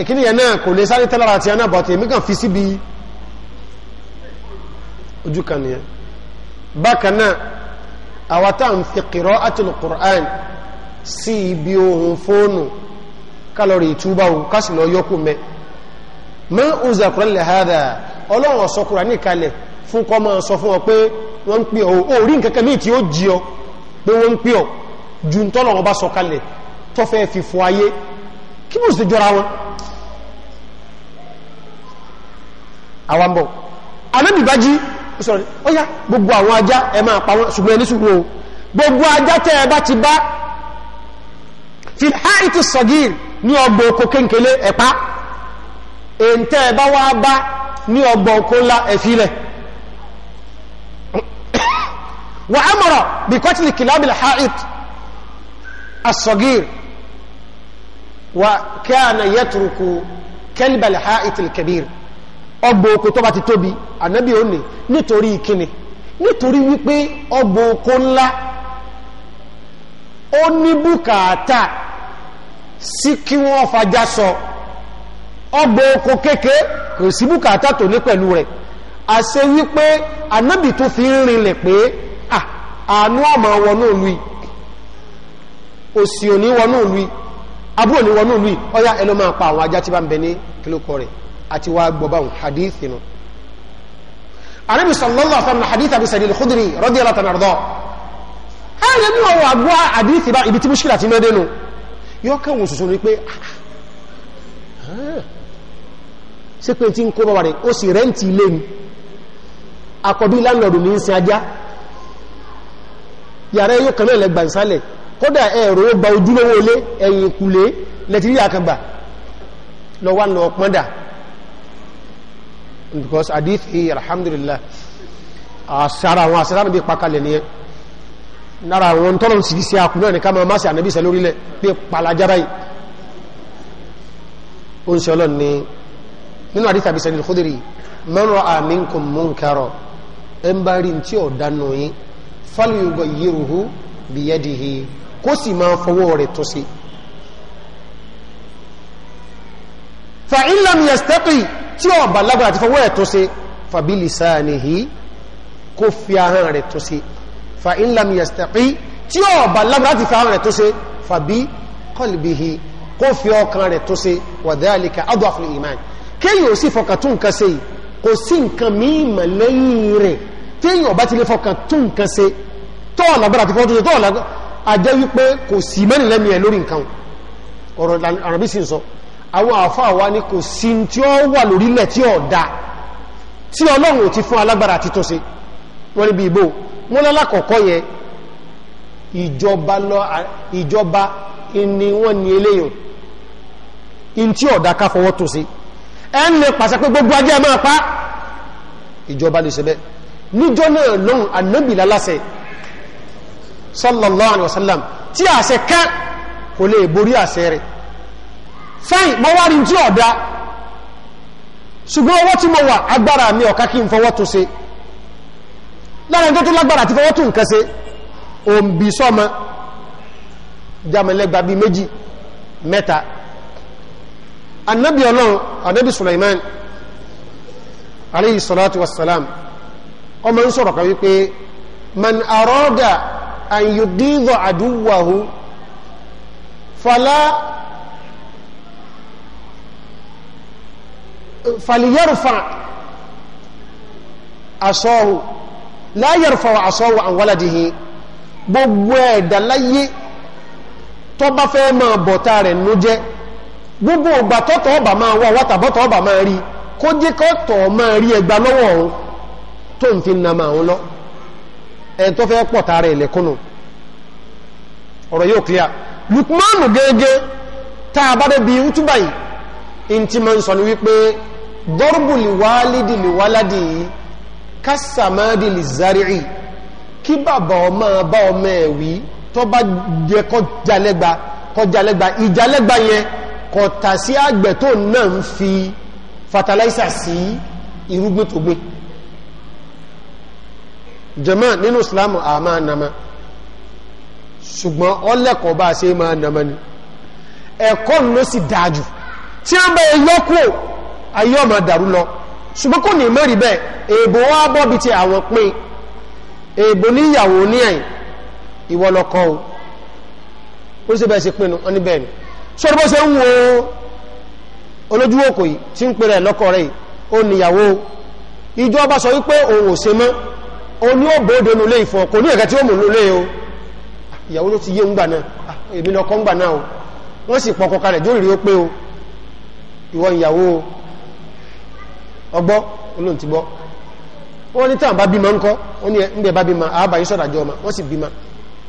ìkíní yẹn náà kò lè sáré tẹ́lára àti ẹ̀nà bọ̀tí èmi kàn fi síbi ojú kan nìyẹn bákan náà àwátá ń fi kìrọ́ àtìlù Qur'an sí ibi ohun fóònù kálọ̀rì ìtúbà ohun kásì lọ yọkù mẹ́ mẹ́ òzà Qur'an lè hádà ọlọ́run ọ̀sọ́ Qur'an nìkalẹ̀ fún kọ́ máa sọ fún ọ pé wọ́n ń pè ọ orí nǹkan kan míì tí ó jí ọ pé wọ́n ń pè ọ ju ń tọ́lọ̀ ọba sọ kalẹ̀ tọ́fẹ́ fi fọ ayé kí mò ń ṣe jọra wọn àwọn bọ̀ anábì bá jí sọ̀rọ̀ ó yá gbogbo àwọn ajá ẹ máa pa wọn ṣùgbọ́n ẹni ṣùgbọ́n o gbogbo ajá tẹ́ ẹ bá ti bá filhaiti sagir ní ọgbọ̀ oko kéńkélé ẹ̀pá èntẹ́ ẹ bá wá bá ní ọgbọ̀ oko ńlá ẹ̀fílẹ̀ wà á bí kọ́tìlì kìlábìlì haiti asagir وكان يترك كلب الحائط الكبير ọgbọ̀ oko tó bá ti tóbi ànábì ò ní nítorí ìkíni nítorí wípé ọgbọ̀ oko ńlá ó ní bùkátà sí kí wọ́n fajá sọ ọgbọ̀ oko kéèké kò sí bùkátà tó ní pẹ̀lú rẹ̀ àṣẹ wípé ànábì tó fi ń rinlẹ̀ pé ah, àánú ọmọ wọnú òlú òsì òní wọnú òlú abúrò ní wọnú ìlú ọyá ẹlọ máa pa àwọn ajá tí bá ń bẹ ní kílókọ rẹ̀ àti wá gbọ́báhùn hadith nù anábì sallallahu alaihi wasallam hadith Abi Sa'id al-Khudri radiyallahu ta'ala anhu ẹ̀yẹ ní ọwọ́ àgbọ́ hadith bá ibi tí mushkila ti mẹ́dẹ́nu yóò kẹwọ̀n sùsùn rí pé ah, ah, ah, ṣé pé tí ń kó bàbá rẹ̀ ó sì rẹ́ǹtì ilé ni àkọ́bí láńlọ́ọ̀dù ní ń sin ajá yàrá yóò kẹ́mẹ́lẹ̀ gbàǹsálẹ̀ kódà ẹ̀rọ gba ojúlówó ilé ẹ̀yìn ìkùlé lẹ́tí rí àkàgbà lọ wá lọ pọ́ndà because hadith yìí alhamdulillah àṣàrà àwọn àṣàrà níbi pakalẹ̀ ni ẹ nára àwọn tọ́lọ̀ sì sí àkùn náà ní ká máa máṣe ànábì sẹ lórílẹ̀ pé palajára yìí ó ń sọlọ ní biyadihi kó sì máa fọwọ́ rẹ̀ tó sí fa in lam yastati tí ó bá lágbára ti fọwọ́ rẹ̀ tó sí fa bi lisanihi kó fi ahọ́n rẹ̀ tó sí fa in lam yastati tí ó bá lágbára ti fi ahọ́n rẹ̀ tó sí fa bi qalbihi kó fi ọkàn rẹ̀ tó sí wa dhalika adhafu al-iman kéyìn ò sí fọkàn tún nǹkan ṣe kò sí nǹkan mímọ̀ lẹ́yìn rẹ̀ téèyàn bá ti lè fọkàn nǹkan ṣe tọ́ọ̀lágbára ti fọwọ́ tó ṣe tọ́ọ̀lágbára ajẹ́ wípé kò sí mẹ́rin lẹ́mí ẹ̀ lórí nǹkan ọ̀rọ̀ àràbí sì ń sọ àwọn àfáà wa ni kò sí tí ó wà lórílẹ̀ tí ó da tí ọlọ́run ò ti fún alágbára àti tó ṣe wọ́n níbi ìbò wọ́n lálákọ̀ọ́kọ́ yẹn ìjọba ìjọba ni wọ́n ní eléyìn in tí ọ̀dá ká fọwọ́ tó ṣe ẹn lè pàṣẹ pé gbogbo ajé máa pa ìjọba lè ṣe bẹ́ẹ̀ níjọ́ náà lọ́hùn ànábìlá lásẹ̀ẹ́ sallallahu alaihi wasallam tí àṣẹ ká kò lè borí àṣẹ rẹ̀ fẹ́yìn mọ́ wá rí tí ọ̀dá ṣùgbọ́n owó tí mo wà agbára mi ọ̀ká kí n fọwọ́ tó ṣe lára tó tó lágbára àti fọwọ́ tó nǹkan ṣe òǹbì sọ́mọ jàmẹ̀lẹ́gbà bí méjì mẹ́ta annabi ọlọ́run annabi Sulaiman alayhi salatu wassalam ọmọ ń sọ̀rọ̀ kan wípé man aroga an yudiida aduwahu fala falyarfa asohu la yarfau asohu an waladihi gbogbo ɛda laye tɔba fɛ ma bɔta rɛ nujɛ gbogbo gbatɔ tɔ ba ma wɔ wata bɔtɔ ba ma ri kodzi kɔ tɔ ma ri ɛgba lɔwɔ o tó nfin na ma o lɔ. ẹn tó fẹ́ pọ̀ tààrẹ ilẹ̀kùnù ọ̀rọ̀ yóò clear Lukmanu gẹ́gẹ́ tá a bá dé bí wútúbà yìí in ti ma ń sọ ni wípé dọ́rùbù lìwálìdì lìwáládì kásàmádì lìzárìí kí bàbá ọmọ bá ọmọ ẹ̀ wí tó bá jẹ kọjálẹ́gba kọjálẹ́gba ìjálẹ́gba yẹn kọ̀tà fi fatalaisa sí irúgbìn tó jama nínú islamu a máa nama ṣùgbọ́n ọlẹ́kọ̀ọ́ bá ṣe máa nama ni ẹ̀kọ́ ló sì dájú tí a bá yọ́kù ayé ọmọ dàrú lọ ṣùgbọ́n kò ní mẹ́rin bẹ́ẹ̀ èèbò wá bọ́ bí ti àwọn pín èèbò níyàwó ní ẹ̀yìn ìwọ lọ́kọ o ó sì bẹ́ẹ̀ sí pinnu ọ níbẹ̀ ni sọ́dọ́ bó ṣe ń wo olójú òkò yìí tí ń pèrè lọ́kọ rẹ̀ yìí ó níyàwó ìjọba sọ wípé òun ò ṣe mọ́ oní òbòdó nulé ìfọ̀ kò ní ẹ̀kẹ́ tí ó mú nulé o ìyàwó ló ti yé ń gbà náà ah, lọ kọ́ ń gbà o wọ́n sì pọ̀kọ̀ kalẹ̀ jó rí ó pé o ìwọ ìyàwó ọgbọ́ olóhùn wọ́n ní tàn bímọ ńkọ́ wọ́n ní ẹ̀ńbẹ̀ bá bímọ àábà yìí sọ̀dájọ́ ọmọ wọ́n sì bímọ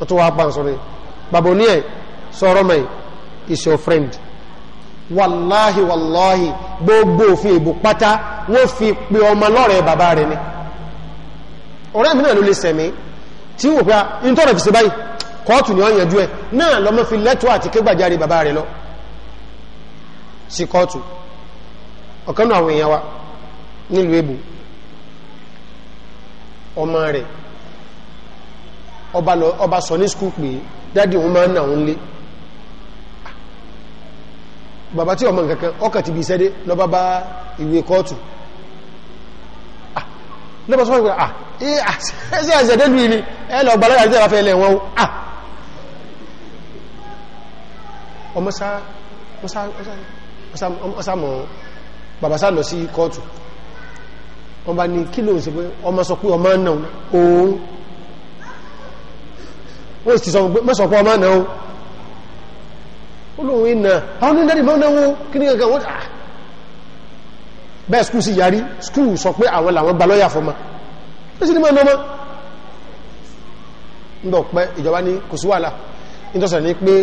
tó pa ń ọ̀rẹ́ mi na ló lè sẹ̀mí tí wò pé in tọ́rọ fi ṣe báyìí kọ́ọ̀tù ni wọ́n yanjú ẹ̀ náà lọ́mọ́ fi lẹ́tọ́ àti kégbàjáre bàbá rẹ̀ lọ sí kọ́ọ̀tù ọ̀kanú àwọn èèyàn wa nílùú ọmọ rẹ ọba sọ ní skul pé dádì òun máa ń lọ́pọ̀ sọ́wọ́ ìgbà ah ẹ̀sẹ̀ ẹ̀sẹ̀dẹ́lú ìní ẹ̀lọ ọgbàlára àti ẹ̀rọ fẹ́lẹ̀ wọn ah ọmọsáàmọ̀ babasá lọ sí kọ́ọ̀tù wọ́n bá ní kí lóòsì pé ọmọ sọ pé ọmọ náà òun ó sì sọ pé ọmọ náà ó lóòun ìnà àwọn onílẹ̀ bẹ́ẹ̀ skúl sí yarí skúl sọ pé àwọn làwọn gba lọ́yà fọ́mọ́ ó sì ní mọ́ ọmọ ńdọ̀ pẹ́ ìjọba ní kò sí wàhálà nítọ́sẹ̀ ní pé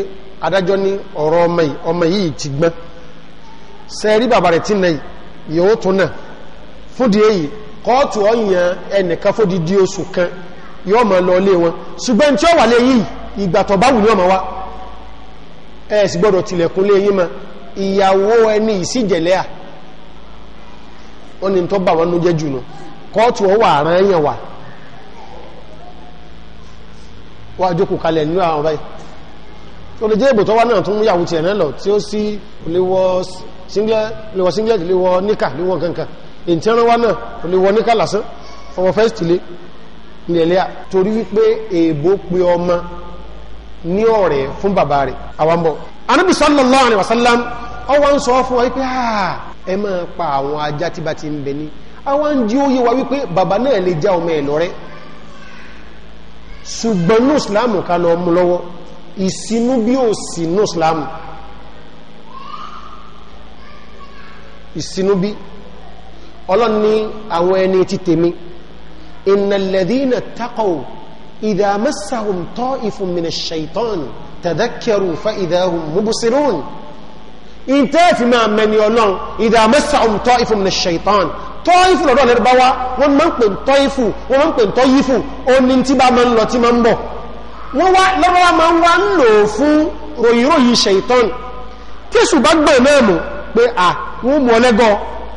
adájọ́ ní ọ̀rọ̀ ọmọ yìí ti gbọ́n sẹ́rí bàbá rẹ̀ tí náà yóò tún náà fúdi èyí kóòtù ọ̀yàn ẹnìkan fódi di oṣù kan yóò mọ̀ lọ lé wọn ṣùgbọ́n tí ó wà lé yìí ìgbàtọ̀ tó bá wù ní ọmọ wa ẹ̀ sì gbọ́dọ̀ tilẹ̀kùn lé yìí mọ ìyàwó ẹni ìsíjẹ̀lẹ́à wọ́n ní tó bà wọ́n ló jẹ́ jù nù kóòtù ọwọ́ àrán yẹn wà wọ́n àjókòó kalẹ̀ nínú àwọn báyìí tó lè jẹ́ ìbò tó wá náà tó mú yàwó tiẹ̀ náà lọ tí ó sí léwọ́ singlet léwọ́ níkà léwọ́ kankan èyí tí náà léwọ́ níkà lásán ọmọ fẹ́sìtì lé nílẹ̀ torí wípé èèbó pe ọmọ ní ọ̀rẹ́ fún bàbá rẹ̀ àwọn bọ̀ anábì sallallahu alaihi wasallam ọwọ́ ń sọ fún wa wípé ah, ẹ máa pa àwọn ajá tí bá ti ń bẹ ní àwọn ń jí ó yé wa wípé bàbá náà lè já ọmọ ẹ̀ lọ́rẹ́ ṣùgbọ́n ní ìsìláàmù ká lọ mú lọ́wọ́ ìsinú bí ó sì ní ìsìláàmù ìsinú bí ọlọ́run ní àwọn ẹni ti tèmi ìnàlẹ̀dínà takọ̀ ìdá tọ́ ìfúnmìnà ṣàìtọ́n tàdákẹrù fa ìdáhùn múbùsírún ìtẹ́ẹ̀fì máa mẹni ọlọ́run ìdàmẹ́sà ọ̀tọ́ ìfún ní ṣẹ̀tàn tọ́ ìfù lọ́dọ̀ lẹ́rẹ̀ bá wá wọ́n máa ń pè tọ́ ìfù wọ́n máa ń pè tọ́ yífù oní tí bá máa ń lọ tí máa ń bọ̀ wọ́n wá lọ́wọ́ máa ń wá ń lò fún ròyìnròyìn ṣẹ̀tàn kí sù bá gbẹ̀ náà mú pé à wọ́n mú ọlẹ́gọ́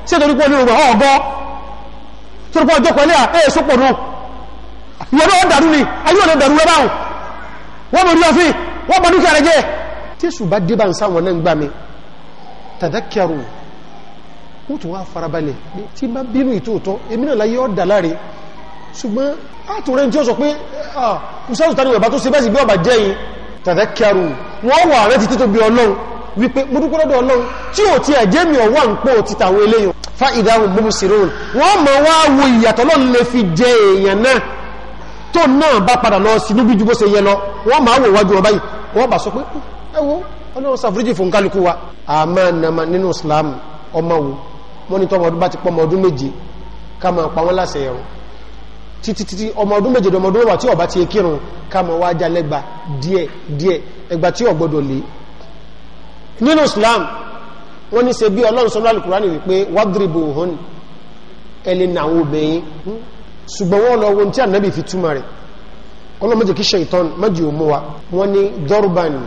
sí ètò nípa onírúurú ọgọ́ tó rúpọ̀ ọjọ́ pẹ̀lú àẹ́ sọ́pọ̀ náà ìyẹn náà wọ́n mọ̀ ní ọfíì wọ́n tí sù bá dé bá ń sáwọn náà ń gbà mí tàdákẹrù ó tún wá farabalẹ̀ tí bá bínú ìtòótọ́ èmi náà láyé ọ̀dà láre ṣùgbọ́n àtúrẹ́ tí ó sọ pé ọ̀sán tàbí ọ̀bá tó ṣe bẹ́ẹ̀ sí bí ọ̀bá jẹ́ yìí tàdákẹrù wọ́n wà rẹ̀ ti títò bí ọlọ́run wípé múdúkúrọ́dọ̀ ọlọ́run tí ò ti ẹ̀jẹ́ mi ọ̀wà ń pò ti tàwọn eléyìn fa ìdáhùn gbogbo síròrùn wọ́n mọ̀ wá wo ìyàtọ̀ lọ́n lè fi jẹ èèyàn náà tó náà bá padà lọ sí níbi ju bó ṣe yẹ lọ wọ́n máa wò wájú ọba yìí wọ́n bá sọ pé ẹwọ́ ọlọ́run sàfúrújì fún kálukú wa a máa nàmà nínú islam ọmọ wo wọ́n ní tọ́mọ ọdún bá ti pọ́mọ ọdún méje ká máa pa wọ́n láṣẹ ẹ̀rùn títí títí ọmọ ọdún méje ọmọ ọdún mẹ́wàá tí ọba ti kírun ká máa wá já lẹ́gba díẹ̀ díẹ̀ ẹgba tí ọgbọ́dọ̀ lé nínú islam wọ́n ní ṣe bí ọlọ́run sọ́nà alukurani wípé wádìrìbò hàn ẹlẹ́ ní àwọn obìnrin ṣùgbọ́n wọ́n lọ wọn tí ànábì fi túmọ̀ rẹ̀ ọlọ́mọdé kí ṣe ìtọ́n mọ́jì òmùwa wọ́n ní dọ́rùbánì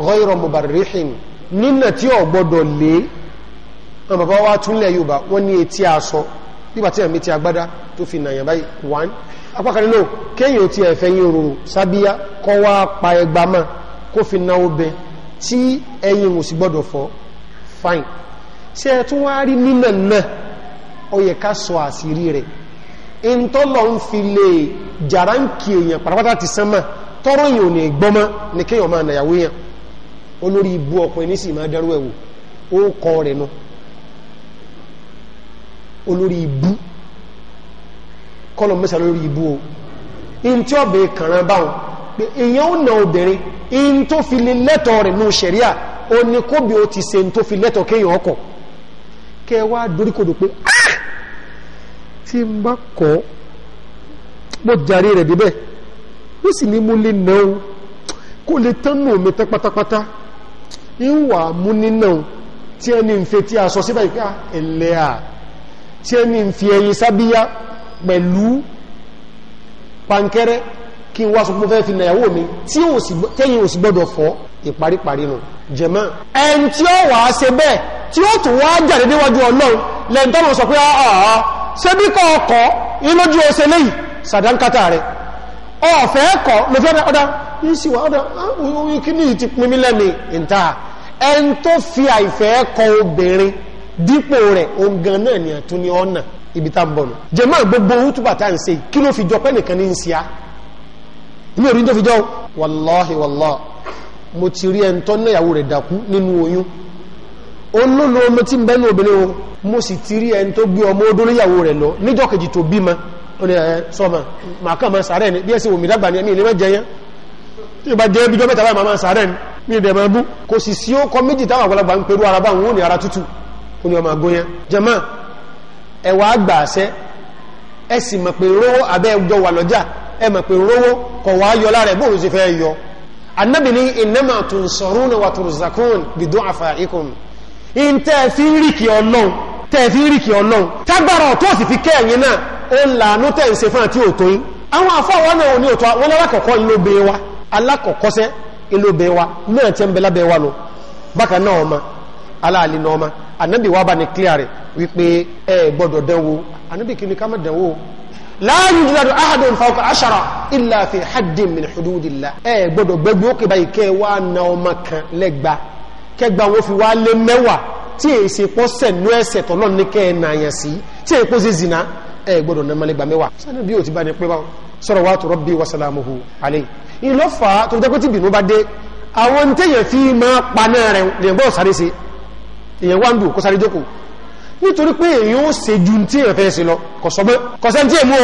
ghayra mubarrihin nínà tí ò gbọ́dọ̀ lé wọn bàbá wa túnlẹ̀ yorùbá wọn ní etí aṣọ nígbà tí ẹ̀mí ti agbádá tó fi nàyàn báyìí wán apákan nínú kéèyàn ti ẹ̀fẹ́ yín rúru sábíyá kọ́ wá pa ẹgbà mọ́ kó fi na obẹ tí ẹyin ò sì gbọ́dọ̀ fọ́ fine ṣé ẹ tún wá rí nínà náà ó yẹ ká sọ àṣírí rẹ̀ ìntọ́lọ̀ ń fi lè jàránkì èèyàn pàtàkì sánmà tọ́rọ èèyàn ò ní gbọ́mọ́ ní kéèyàn máa nàyàwó èèyàn olórí ibú ọkùnrin ní sì máa dárú ẹ̀wò ó kọ rẹ̀ nù olórí ibú kọ́lọ̀ mẹ́sà lórí ibú o in tí ọ̀bẹ̀ kàrán báwọn pé èyàn ó na obìnrin in tó fi lè lẹ́tọ̀ rẹ̀ ní ṣẹ̀ríà ó ní kóbi ó ti ṣe in tó fi lẹ́tọ̀ kéèyàn ọkọ̀ kẹwàá doríkodò pé ah! tí n bá kọ́ mo jàre rẹ̀ débẹ̀ ó sì ní mo lè náà kó lè tán nù mi tán pátápátá ìwà mú nínà tí ẹni ń fi tí a sọ síbẹ̀ ìpá ah, ẹ̀lẹ́ à tí ẹni ń fi ẹyin sábíyá pẹ̀lú pankẹ́rẹ́ kí wá sọpọ̀ fẹ́ fi nàyàwó mi tẹ́yìn ò sì gbọ́dọ̀ fọ́ ìparíparí nù jẹ̀mọ́ ẹn tí ó wà á ṣe bẹ́ẹ̀ tí ó tún wá jáde níwájú ọlọ́run lẹ́ntọ́nà sọ pé àà ah, ah, ṣe bí kọ́ ọkọ̀ inú ojú ọ̀sẹ̀ lẹ́yìn sàdánkátà rẹ̀ ọ̀fẹ́ ẹ̀kọ́ lọ́fẹ́ ọ̀dá yìí sì wà ọ̀dà oyún kí ni ti pin mí lẹ́mi ìta ẹni tó fi àìfẹ́ kọ obìnrin dípò rẹ̀ ogan náà ni àtún ní ọ̀nà ibi tá ń bọ̀ nù. jẹ̀mọ́ gbogbo owó túbà tá à ń ṣe kí ló fi jọ pé nìkan ní ń ṣe á ní orí tó fi jọ wàláhì wàláhì mo ti rí ẹni tọ́ náyàwó rẹ̀ dàkú nínú oyún olólo ọmọ tí ń bẹ́ ní obìnrin o mo sì ti rí ẹni tó gbé ọmọ odó níyàwó rẹ̀ lọ níjọ́ kejì tó bímọ ó ní ẹ sọmọ màkà máa sàárẹ̀ ní bí ẹ sì wòmí dàgbà ní ẹmí ìlú mẹ́jẹ yẹn tí ìbá jẹ́ ibi dọ́mẹ́ta báyìí máa sàárẹ̀ ní ní ìdẹ̀ máa bú kò sì sí ó kọ méjì táwọn àgbàlagbà ń perú ara báwọn òun ní ara tútù ó ní ọmọ àgbóyán jẹmọ ẹwà àgbà àṣẹ ẹ sì mọ̀ pé rówó abẹ́ ẹjọ́ wà lọ́jà ẹ mọ̀ pé rówó kọ̀ wá yọ lára ẹ̀ bóun sì fẹ́ yọ Ànábì ní innama tunsaruna wa turzakun bidu'afaikum in tẹ́ fi ń rìkì ọlọ́run tẹ́ fi ń rìkì ọlọ́run tágbára ọ̀tọ́ sì fi kẹ́ẹ̀yìn náà ó ń làánú tẹ́ ń ṣe fún àti òtóyín àwọn àfọwọ́ náà ò ní òtọ́ wọn lọ́wọ́ kọ̀ọ̀kan ló wa alákọ̀ọ́kọ́sẹ́ ilé obìnrin wa náà tí ń bẹ lábẹ́ wa lọ bákan náà ọmọ aláàlẹ́ náà ọmọ anábì wa bá ní clear rẹ̀ wípé ẹ gbọ́dọ̀ dánwò anábì kí ni ká má dánwò la yujladu ahadun fawqa ashara illa fi haddin min hududillah ẹ gbọ́dọ̀ gbẹ́gbẹ́ òkè báyìí kẹ́ wá na ọmọ kan lẹ́gba kẹgbà wọn fi wá lé mẹ́wàá tí èyí ṣe pọ́ sẹ̀nú ẹ̀sẹ̀ tọ́lọ́ ní kẹ́ ẹ̀ sí tí èyí pọ́ sí zina ẹ gbọ́dọ̀ nàmọ́lẹ́gbà mẹ́wàá sani bí o ti bá ní pẹ́ báwọn صلوات ربي وسلامه عليه ìlọ́fà tó jẹ́ pé tí bìnú bá dé àwọn tẹ́yẹ̀ fi máa paná rẹ̀ lẹ́gbọ́ sáré se èyàn wá ń dù kó sáré jókòó nítorí pé èyàn ó se ju tí èyàn fẹ́ sí lọ kọ̀sọ́gbẹ́ kọ̀sẹ́ tí èmú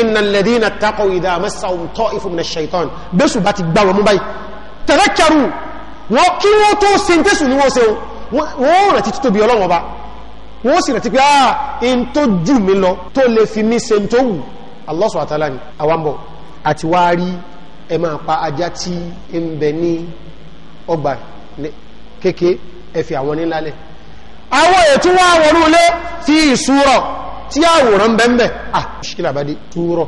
innal ladina taqaw idha massahum ta'ifun minash shaitan bẹ́sù bá ti gbá wọn mú báyìí tadhakkaru wọn kí wọ́n tó se tẹ́sù ni wọ́n se wọ́n ti títóbi ọlọ́wọ́n ba wọ́n sì rántí pé ah in tó jù mí lọ tó lè fi mí se tó wù Allah subhanahu wa ta'ala ni àwọn bọ̀ àti wá rí ẹ máa pa ajá tí ń bẹ ní ọgbà kéèké ẹ fi àwọn nílálẹ̀ àwọn ètò wá wọnú ilé fi ìṣúrọ̀ tí àwòrán bẹ́ẹ̀ ah ṣíkìlà bá dé túrọ̀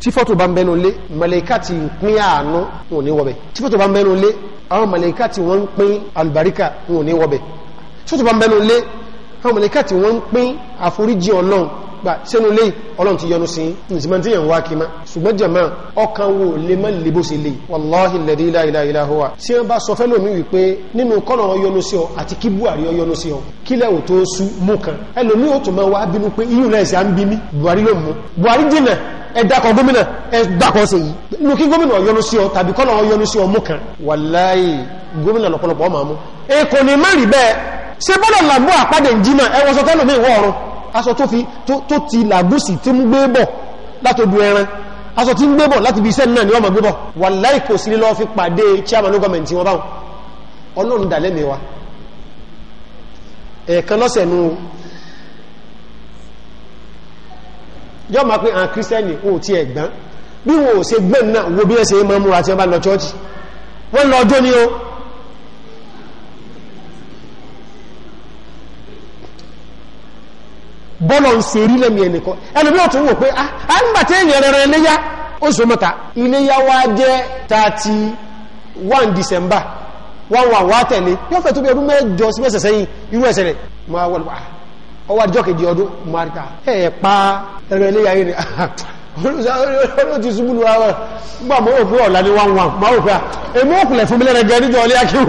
tí fọ́tò bá ń bẹ́nu lé màláíkà tí ń pín àánú wọn ò ní wọ́bẹ̀ tí fọ́tò bá ń bẹ́nu lé àwọn màláíkà tí wọ́n ń pín àlùbáríkà wọn ò ní wọ́bẹ̀ tí fọ́tò bá ń bẹ́nu lé àwọn mọ̀lẹ́kà tí wọ́n ń pín àforíjì ọlọ́run gbà sínú lé ọlọ́run ti yọnu sí ìtìmọ̀ tí yẹn wá kí má ṣùgbọ́n jẹ̀mọ́ ọkàn wo lè má lè bó ṣe lè wàláhì lẹ́dí láìláìláhùwà tí wọ́n bá sọ fẹ́lómi wípé nínú kọ́nà ọ yọnu sí ọ àti kí buhari ọ yọnu sí ọ kí lẹ́wọ̀ tó sú mú kan ẹlòmí ó tún máa wá bínú pé iyùn náà ṣe à ń bí mi buhari ló mú buhari jìnà ẹ̀dàkọ̀ gómìnà ẹ̀dàkọ̀ sí yìí inú kí gómìnà ọ̀yọ́nú sí ọ tàbí kọ́nà ọ̀yọ́nú sí ọ mú kan wàláhì gómìnà lọ́pọ̀lọpọ̀ ọmọ àmú èkó ni má rí bẹ́ẹ̀ ṣe bọ́lọ̀ làgbó àpádẹ̀ ìjìnà ẹwọ́n sọ tẹ́lùmí ìwọ̀ ọ̀run aṣọ tó fi tó ti làgbúsì tí mú gbébọ̀ látòdú ẹran aṣọ tí ń gbébọ̀ láti bí iṣẹ́ náà ni wọ́n mọ̀ gbébọ̀ wà láìkò sí lílọ́ fi pàdé chairman government wọn báwọn ọlọ́run dà lẹ́mẹ̀wá ẹ̀ẹ̀kan lọ́sẹ̀ nu yọ́ máa pé àwọn kírísítẹ́nì wọn ò tí ẹ̀ gbọ́n bí wọn ò ṣe gbẹ́ náà wo bí ẹ ṣe máa múra tí wọ́n bá lọ chọ́ọ̀chì wọ́n lọ ọjọ́ ni ó bọ́lọ̀ ń ṣe rí lẹ́mí elu ẹlùmí ò tún wò pé a ah, ń ah, gbàtẹ́ èèyàn rẹ̀rẹ̀ iléyá oṣù mẹ́ta iléyá wá jẹ́ 31 December wọ́n wà wá tẹ̀lé yóò fẹ́ tó bí ọdún mẹ́jọ sí mẹ́sẹ̀ sẹ́yìn irú ẹ̀sẹ̀ rẹ̀ ọwọ́ àdìjọ́ ah, kejì ọdún marita ẹ̀ pa ẹ̀rọ iléyá yìí ni [laughs] olóòtú ṣubú lu ara nígbà mọ́ òpin ọ̀la ní wọ́n wà òpin à èmi fún mi lẹ́rẹ̀ gẹ́ níjọ́ kí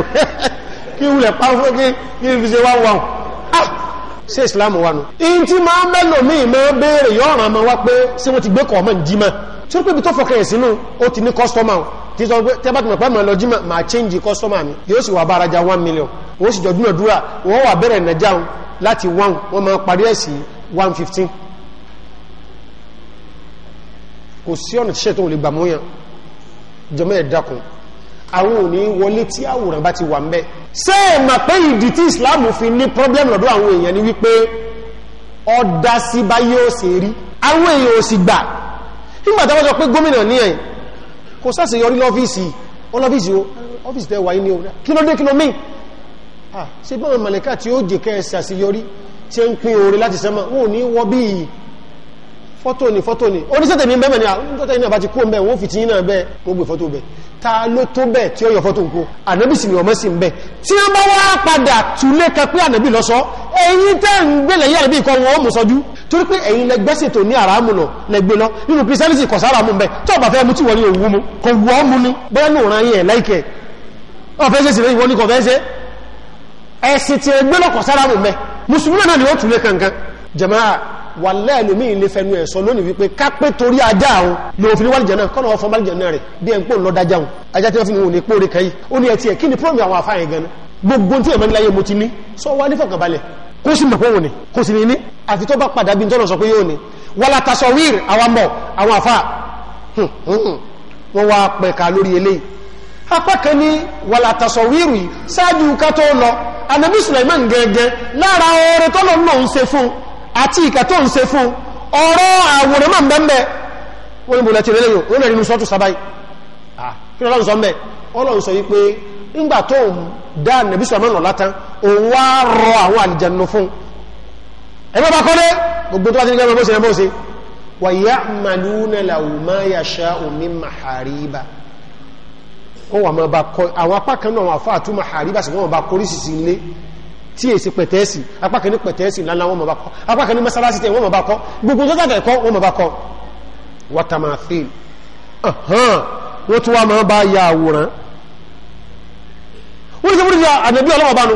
sí islam wa nù in tí máa ń bẹ́lò míì máa béèrè yọ ọ̀ràn ma wá pé sí wọ́n ti gbé kọ̀ ọmọ ìjímọ̀ tí ó pé ibi tó fọkẹ̀ ẹ̀ sínú ó ti ní kọ́sítọ́mà tí sọ pé tẹ́bà tó mọ̀ pẹ́ mọ̀ lọ jímọ̀ máa change kọ́sítọ́mà mi yóò sì wà bára ja one million wọ́n sì jọ dúnàdúrà wọ́n wà bẹ̀rẹ̀ nàjà láti one wọ́n máa parí ẹ̀ sí one fifteen kò sí ọ̀nà tíṣẹ́ tó lè gbà mọ́yàn jọmọ́ ẹ̀ dákun àwọn òní wọlé tí àwòrán bá ti wà ń bẹ́ẹ̀ ṣé ẹ mà pé ìdí tí islam fi ní problem lọ́dọ̀ àwọn èèyàn ni wípé ọ̀dà sí bá yóò ṣe rí àwọn èèyàn ò sì gbà nígbà tí wọ́n sọ pé gómìnà ní ẹ̀ kò sáṣe yọrí lọ́fíìsì ọlọ́fíìsì o ọ́fíìsì tẹ́ wà ní o kí ló dé kí ló mí ṣe bọ́n mọ̀lẹ́kà tí ó jẹ́ kẹ́ ṣàṣeyọrí tí ó ń pín oore láti sẹ́mọ̀ wọn ò ní wọ́ bíi fọ́tò ni fọ́tò ni. oníṣẹ́tẹ̀ ní bẹ́mẹ̀ ní àtọ́tẹ̀ iná bá ti kú ọmọ wọn fi ti yínà bẹ́ gbogbo fọ́tò bẹ́ ta ló tó bẹ́ tí ó yọ fọ́tò nkó ànábì sì ni ọmọ sí bẹ́ tí wọ́n bá wá padà túlé ka pé ànábì lọ́sọ́ ẹ̀yin tẹ́ ń gbélé yẹ́ ànábì kan wọn ó mú sọjú torí pé ẹ̀yin lẹ gbẹ́sẹ̀ tó ní àràmù lọ lẹ gbé lọ nínú kristianity kọ̀ mú bẹ́ tó bá fẹ́ mú tí wọ́n ní òwú mu kò wọ́ mu ni bẹ́ẹ̀ ní òran yẹn láìkẹ́ ọ̀fẹ́ ṣe sì lẹ́yìn wọn ní kọ̀ fẹ́ ṣe ẹ̀sìn tí ẹ lọ kọ̀ mú bẹ́ mùsùlùmí náà ni wọ́n túlé kankan jàmáà wà lẹ́ẹ̀lómi ilé fẹnu ẹ̀sọ lónìí wípé kápẹ́ torí ajá àwọn lòfin wàlìjẹ̀ náà kọ́nà ọ̀fọ̀ wàlìjẹ̀ náà rẹ̀ bí ẹ̀ ń pò lọ́dájà wọn ajá tí wọ́n fi wọn ò ní pòórè kẹ́yì ó ní ẹtì ẹ̀ kí ni pírọ́mì àwọn afáyẹn gan gbogbo tí ẹ̀mọ́ níláyé mo ti ní sọ wá ní fọkànbalẹ̀ kó sì mọ̀ pé òun ni kò sì ní ní àfi tó bá padà bí tọ́lọ̀ sọ pé yóò ní wàlá tasọ wíìrì àwọn mọ̀ àwọn àfà wọ́n wá pẹ̀ka lórí eléyìí apá kan ní wàlá tasọ wíìrì ṣáájú ká tó lọ anabi Sulaiman gẹ́gẹ́ lára oore tọ́lọ̀ náà ń ṣe fún un àti ìkà tó ń ṣe fún ọ̀rọ̀ àwòrán máa ń bẹ́ ń bẹ́ wọ́n ní bọ̀lẹ̀ tí lẹ́yìn ó lẹ́rin ní sọ́tù sábáyì kí lọ́lọ́run sọ ń bẹ́ ọlọ́run sọ wípé ńgbà tó ń dá nàbí sọ̀rọ̀ náà látán òun wá rọ àwọn àlìjànú fún ẹgbẹ́ bá kọ́lé gbogbo tó bá ti ní gbẹ́mọ́ bó ṣe bó ṣe wà yá màlúùnà làwùmá yàṣá omi màhàríbà ó wà máa bá kọ àwọn apá kan náà àwọn àfáà tún màhàríbà sì wọ́n bá kórìsìsì ilé tí èsì pẹ̀tẹ́ẹ̀sì apákan ní pẹ̀tẹ́ẹ̀sì ńláńlá wọn mọ̀bá kọ́ apákan ní mọ́sálásí tẹ̀ wọn mọ̀bá kọ́ gbogbo tó sàkẹ́ kọ́ wọn mọ̀bá kọ́ watermafil wọ́n tún wá máa bá ya àwòrán wọ́n ní sẹ́fúrú àdàbí ọlọ́wọ́ bánu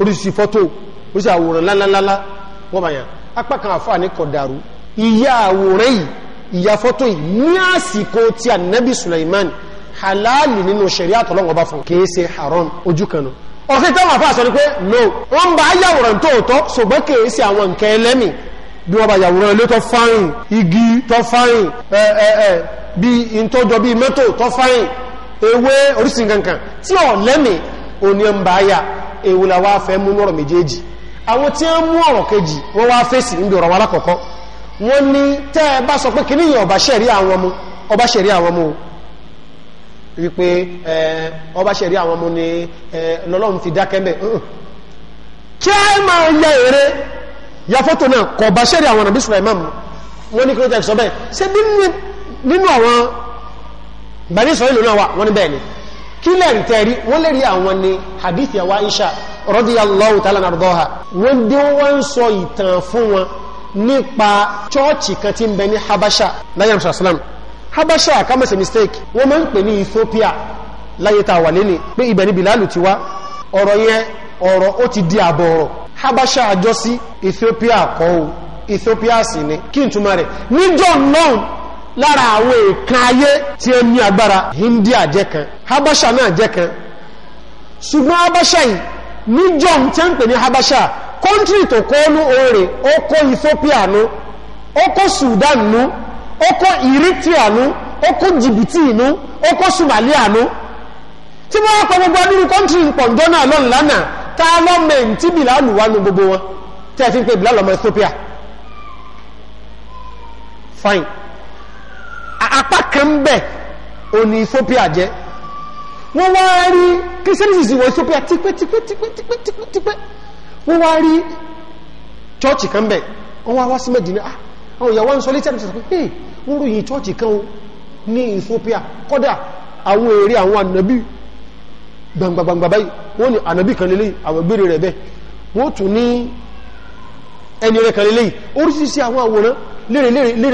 oríṣi fọ́tò oríṣi àwòrán ńláńláńlá wọ́n bá yàn apákan àfáà ní kọ̀dàrú ìyá àwòrán yìí ìyá fọ́tò yìí ní àsìkò tí ànábì Sulaiman halali nínú ṣẹ̀ríà tọ́lọ́wọ́ bá fún kèése haram ojú kan ọ̀sẹ̀ tí wọ́n fà sọ ní no ó ń bá yàwòrán tóòtọ́ ṣùgbọ́n kìí sí àwọn nǹkan ẹlẹ́mì bí wọ́n bá yàwòrán ilé tó fáyìn igi tó fáyìn ẹ̀ẹ̀ẹ̀ bí ìtọ́jọ bí mọ́tò tó fáyìn ewé oríṣi kankan tí ọ̀ lẹ́mì òní ń bá yà ewu la wá fẹ́ mú lọ́rọ̀ méjèèjì àwọn tí mú ọ̀rọ̀ kejì wọn wọ́n ní tẹ́ sọ pé wípé ọba ṣẹ̀rí àwọn ọmọ ni lọ́lọ́run fi dákẹ́ mẹ́ kí a máa ya èrè ya fọ́tò náà kọ̀ bá ṣẹ̀rí àwọn ọ̀nàbí Sulaiman wọ́n ní kílódé sọ bẹ́ẹ̀ ṣe nínú àwọn bani Israel náà wà wọ́n ní bẹ́ẹ̀ ni kí lẹ́rìí tẹ́rí wọ́n lẹ́rìí àwọn ni hadith yàwá Aisha radiyallahu ta'ala nàrọ́dọ́ha wọ́n dé wọ́n sọ ìtàn fún wọn nípa chọ́ọ̀chì kan tí ń bẹ ní Habasha láyé àmì sàlám habasha se mistake wọ́n máa ń pè ethiopia láyé tá a wà lẹ́ni pé ibẹ̀ ni bilalu ti wá ọ̀rọ̀ yẹn ọ̀rọ̀ ó ti di àbọ̀ habasha àjọ sí ethiopia kọ́ o ethiopia sì ni kí n túmọ̀ rẹ̀ níjọ́ náà lára àwọn èèkan ayé tí ó ní agbára india jẹ́ kan habasha náà jẹ́ kan ṣùgbọ́n habasha ni john tí ń pè ní habasha country tó kọ́ ọ́nú oore ó kó ethiopia nu ó kó sudan nu ó kó ìrítí àánú jìbìtì ìnú ó sùmàlì àánú tí wọ́n pa gbogbo abirú náà lánàá tá a gbogbo wọn tí a fi ń pe ọmọ Ethiopia fine apá kan bẹ̀ òní Ethiopia jẹ wọ́n wá rí christianity wọ Ethiopia tipẹ́ tipẹ́ tipẹ́ tipẹ́ tipẹ́ wọ́n wá rí kan wọ́n wá àwọn ìyàwó ń sọ létí àmì sọ pé wọ́n ròyìn chọ́ọ̀chì kan ní Ethiopia kọ́dà àwọn èrè àwọn ànàbí gbangbangbangba báyìí wọ́n ní ànàbí kan lélẹ̀ àwọn gbére rẹ̀ bẹ́ẹ̀ wọ́n tún ní ẹni rẹ̀ kan lélẹ̀ àwọn àwòrán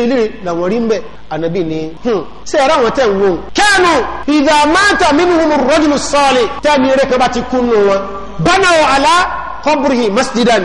lérè làwọn rí ń ànàbí ni hmm, ṣe ẹ̀rọ àwọn tẹ̀ ń wò kẹ́nu ìdá máta mímú rọ́jùlù sọ́ọ̀lì tẹ́ni rẹ̀ kan ti kú nù wọn bánà àlá kọ́bùrì masjidan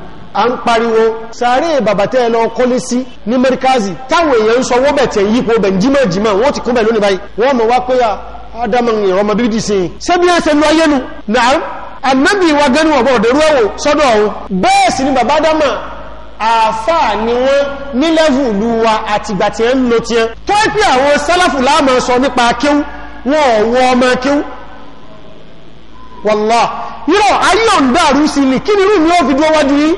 à ń pariwo sàárè bàbá tẹ́ ẹ lọ kọ́lé sí ní mẹ́ríkàzì táwọn èèyàn ń sọ wọ́n bẹ̀ tẹ̀ yípo bẹ̀ ń jímọ̀ jímọ̀ wọ́n ti kún bẹ̀ lónìí báyìí wọ́n mọ̀ wá pé ah, ádámù ìrọmọ bíbí dì sí ṣé bí wọ́n ṣe lu ayé nu nàá wa gẹ́nu ọ̀bọ̀ òdèrú ẹ̀wò sọ́dọ̀ ọ̀hún bẹ́ẹ̀ sì ni bàbá ádámù àfà ni wọ́n ní lẹ́vù ìlú wa àtìgbà tí ẹ ń lo tiẹ́ tó ń pè àwọn sálàfù láàmà sọ nípa akéwú wọn ò wọ ọmọ akéwú wàlá yíò ayé ò ń dàrú sí ni kí ni irú mi ó fi dúró wájú yìí